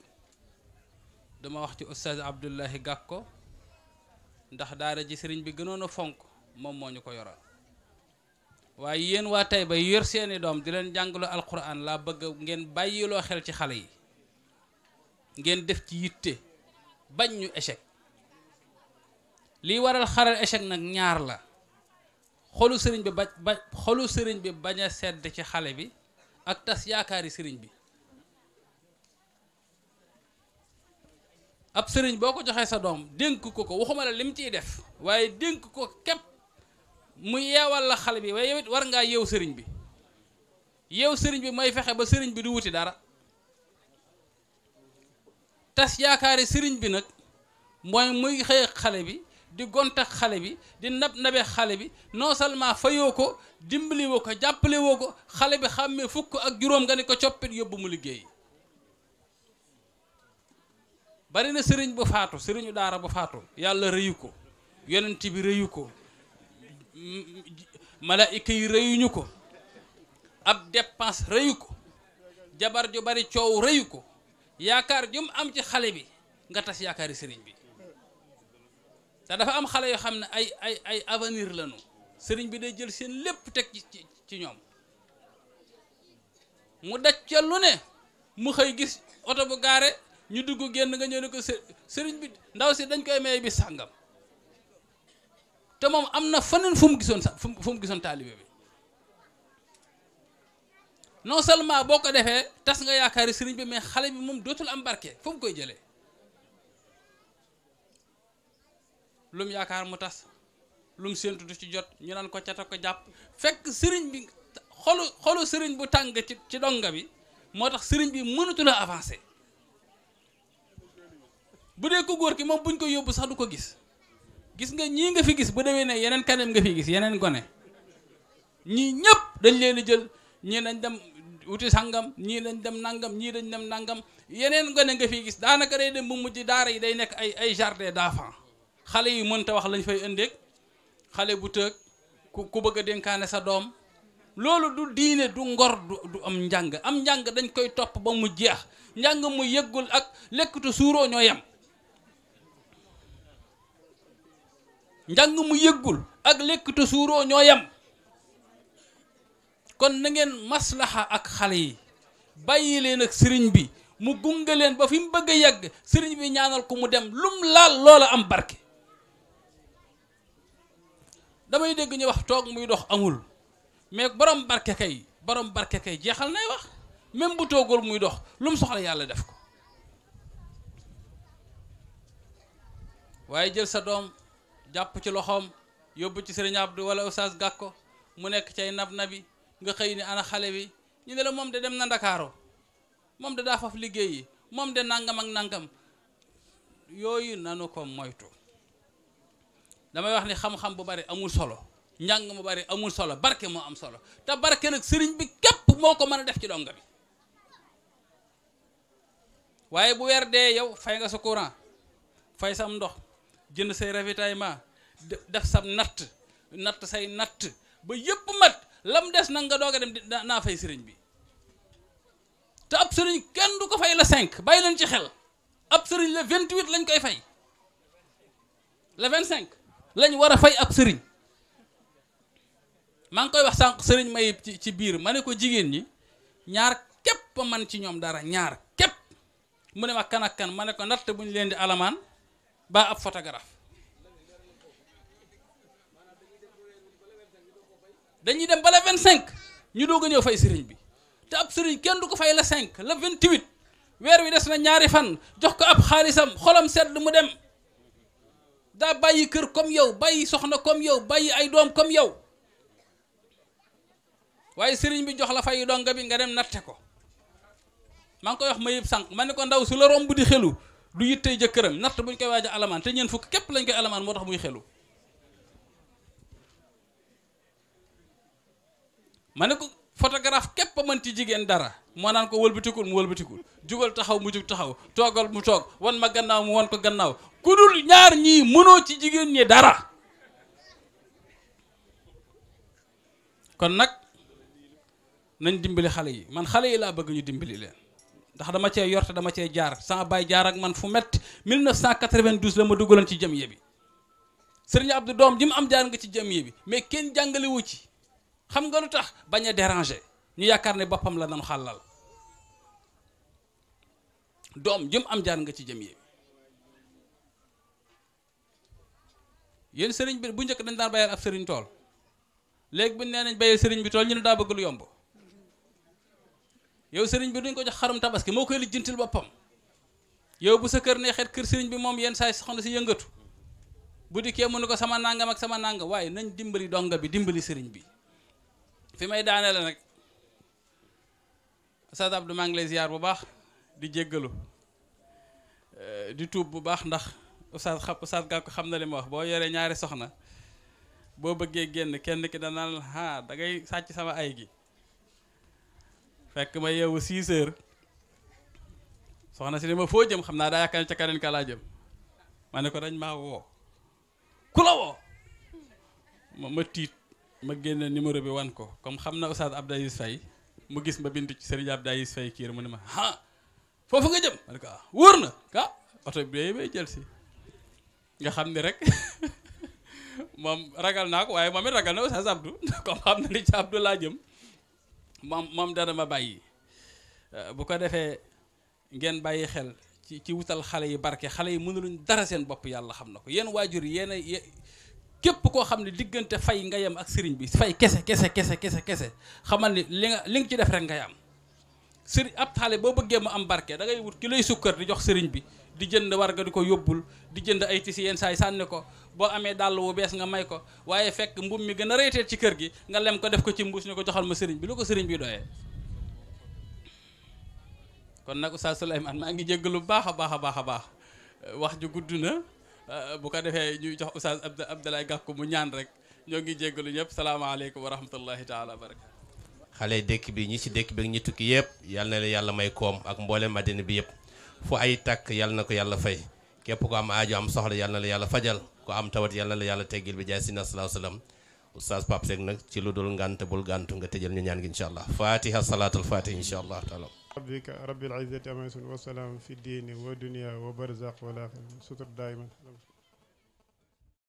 dama wax ci oustaz Abdullahi ko ndax daara ji sëriñ bi gënoon a fonk moom moo ñu ko yoral waaye yéen waa tey ba yor seeni doom di leen jàngalu alquran laa bëgg ngeen bàyyiloo xel ci xale yi ngeen def ci yitte bañ ñu échec lii waral xaral échec nag ñaar la xolu sëriñ bi xolu sëriñ bi bañ a sedd ci xale bi ak tas yaakaari sëriñ bi ab sëriñ boo ko joxee sa doom dénk ko ko waxuma la lim ciy def waaye dénk ko képp mu yeewal la xale bi waaye yow it war ngaa yeew sëriñ bi yeew sëriñ bi mooy fexe ba sëriñ bi di wuti dara tas yaakaari sëriñ bi nag mooy muy xëy xale bi di gonta xale bi di nab nabe xale bi non seulement fayoo ko dimbali woo ko jàppale ko xale bi xàmmee fukk ak juróom nga ne ko coppit yóbbu mu liggéey bari na sëriñ bu faatu sëriñu daara bu faatu yàlla rëyu ko yonent bi rëyu ko malaayika yi rëyuñu ko ab dépense rëyu ko jabar ju bari coow rëyu ko yaakaar jum am ci xale bi nga tas yaakaari sëriñ bi te dafa am xale yoo xam ne ay ay ay avenir lañu sëriñ bi day jël seen lépp teg ci ci ñoom mu daj ca ne mu xëy gis oto bu gaare ñu dugg génn nga ñëw ne ko sëriñ bi ndaw si dañ koy may bi sàngam te moom am na fa fu mu gisoon sax fu mu gisoon taalibe bi non seulement boo ko defee tas nga yaakaari sëriñ bi mais xale bi moom dootul am barke fu koy jëlee lum yaakaar mu tas lum séentu du ci jot ñu naan ko cata ko jàpp fekk sëriñ bi xolu xolu sëriñ bu tàng ci ci donga bi moo tax sëriñ bi mënatu la avancer. bu dee ko góor ki moom bu buñ ko yóbbu sax du ko gis gis nga ñii nga fi gis bu demee ne yeneen kanam nga fi gis yeneen gone ñii ñëpp dañ leen a jël ñii dañ dem wuti sangam ñii dañ dem nangam ñii dañ dem nangam yeneen gone nga fi gis daanaka day dem bu mujj daara yi day nekk ay ay jardin d'enfants xale yi mënta wax lañ fay indeeg xale bu tëg ku ku bëgg a dénkaane sa doom loolu du diine du ngor du du am njàng am njàng dañ koy topp ba mu jeex njàng mu yëggul ak lekkatu suuroo ñoo yem. njàng mu yëggul ak lekk te suuroo ñoo yam kon na ngeen maslaxa ak xale yi bàyyi leen ak sëriñ bi mu gunge leen ba fi mu bëgg a sëriñ bi ñaanal ko mu dem lum laal loola am barke damay dégg ñu wax toog muy dox amul mais borom barke kay borom barke kay jeexal nay wax même bu toogul muy dox lum soxla yàlla def ko waaye jël sa doom jàpp ci loxoom yóbbu ci sëriñ Abdou wala Oustaz Gàkko mu nekk cay nab nabi nga xëy ni ana xale bi ñu ne la moom de dem na ndakaaro moom de daa faf liggéey yi moom de nangam ak nangam yooyu nanu ko moytu damay wax ni xam-xam bu bari amul solo njàng mu bari amul solo barke moo am solo te barke nag sëriñ bi képp moo ko mën a def ci donga bi waaye bu weer dee yow fay nga sa courant fay sam ndox jënd say ravitaillement def sa natt natt say natt ba yëpp mat lam des nag nga doog a dem naa fay sëriñ bi te ab sëriñ kenn du ko fay la cinq bàyyi lañ ci xel ab sëriñ la vingt huit lañ koy fay la vingt cinq lañ war a fay ab sëriñ maa ngi koy wax sànq sëriñ may ci biir ma ne ko jigéen ñi ñaar képp man ci ñoom dara ñaar képp mu ne ma kan ak kan ma ne ko natt bu ñu leen di alamaan ba ab photographe dañuy dem bala le vingt cinq ñu doog a ñëw fay sëriñ bi te ab sëriñ kenn du ko fay la cinq la vingt huit weer wi des na ñaari fan jox ko ab xaalisam xolam sedd mu dem daa bàyyi kër comme yow bàyyi soxna comme yow bàyyi ay doom comme yow waaye sëriñ bi jox la fayu donga bi nga dem natte ko maa ngi koy wax ma yëpp sànq ma ne ko ndaw su la romb di xelu du yittee jëkkëram natt bu ñu koy waaj a alamaan te ñeent fukk képp lañ koy alamaan moo tax muy xelu ma ne ko photographe képp a mën ci jigéen dara moo naan ko wëlbatikul mu walbatikul jugal taxaw mu jug taxaw toogal mu toog wan ma gannaaw mu wan ko gannaaw ku dul ñaar ñi mënoo ci jigéen ñi dara kon nag nañ dimbali xale yi man xale yi laa bëgg ñu dimbali leen ndax dama cee yorte dama cee jaar sama baay jaar ak man fu metti 1992 la ma dugaloon ci jamiya bi sëriñ Abdou doom ji am jaar nga ci jamiya bi mais kenn jàngale ci xam nga lu tax bañ a déranger ñu yaakaar ne boppam la nan xàllal doom jëm am jaar nga ci jamiya bi yéen sëriñ bi bu njëkk dañ daan bayal ab sëriñ tool léegi buñ nee nañ bayal sëriñ bi tool ñu ne daa bëgg lu yomb yow sëriñ bi duñ ko jox xarum tabaski moo koy lijjantil boppam yow bu sa kër neexeet kër sëriñ bi moom yenn saa soxna si yëngatu bu di mu ne ko sama nàngam ak sama nangam waaye nañ dimbali donga bi dimbali sëriñ bi fi may daane nag Oustaz Abdou maa ngi lay ziar bu baax di jéggalu eh, di tuub bu baax ndax Oustaz xam Oustaz Gàkku xam na li ma wax boo yoree ñaari soxna boo bëggee génn kenn ki danaa ah da ngay sàcc sama ay gi fekk ma yeewu 6 soxna si ne ma foo jëm xam naa daa yaakaar ne ca keneen ka laa jëm ma ne ko dañ maa woo ku la woo ma tiit ma génn numéro bi wan ko comme xam na Oustaz Abdou Aziz mu gis ma bind ci Serigne Abdou Aziz Faye mu ne ma ah foofu nga jëm ma ne ko ah wóor na ah oto bi bay jël nga xam ni rek moom ragal naa ko waaye moom it ragal na Oustaz Abdou comme xam na li ci laa jëm. moom moom dana ma bàyyi euh, bu ko defee ngeen bàyyi xel ci ci wutal xale yi barke xale yi mënuluñ dara seen bopp yàlla xam na ko yéen waajur yéen képp koo xam ne diggante fay nga yem ak sëriñ bi fay kese kese kese kese kese xamal ni li nga li nga ci def rek nga yam sëriñ ab xale boo bëggee mu am barke da ngay wut ki lay sukkar di jox sëriñ bi di jënd war nga di ko yóbbul di jënd ay tisi yenn saay sànni ko bo amé dalu wu bes nga may ko waye fekk mbum mi gëna rété ci kër gi nga lem ko def ko ci mbuus ñuko joxal ma sëriñ bi lu ko sëriñ bi doyé kon nak oustad Souleymane ma ngi jégg lu baaxa baaxa baaxa baax wax ju gudduna ah, bu ko defee ñuy jox oustad Abd Abdoulaye mu ñaan rek ñoo ngi lu ñëpp salaamaaleykum wa rahmatullahi taala wa barakatu xale dëkk bi ñi ci dekk bi ñi tukki yépp yalla na la yalla may koom ak mbolé madina bi yépp fu ay tak yalla nako yalla fay képp ko am aaju am soxla yalla na la yalla fajal ku am tawat yàlla la yàlla teggil bi jaay si na salaahu salaam oustaz Pape Seck nag ci lu dul ngànt bul gàntu nga tëjal ñu ñaan gi incha allah fatiha salaatul fatih incha allah taala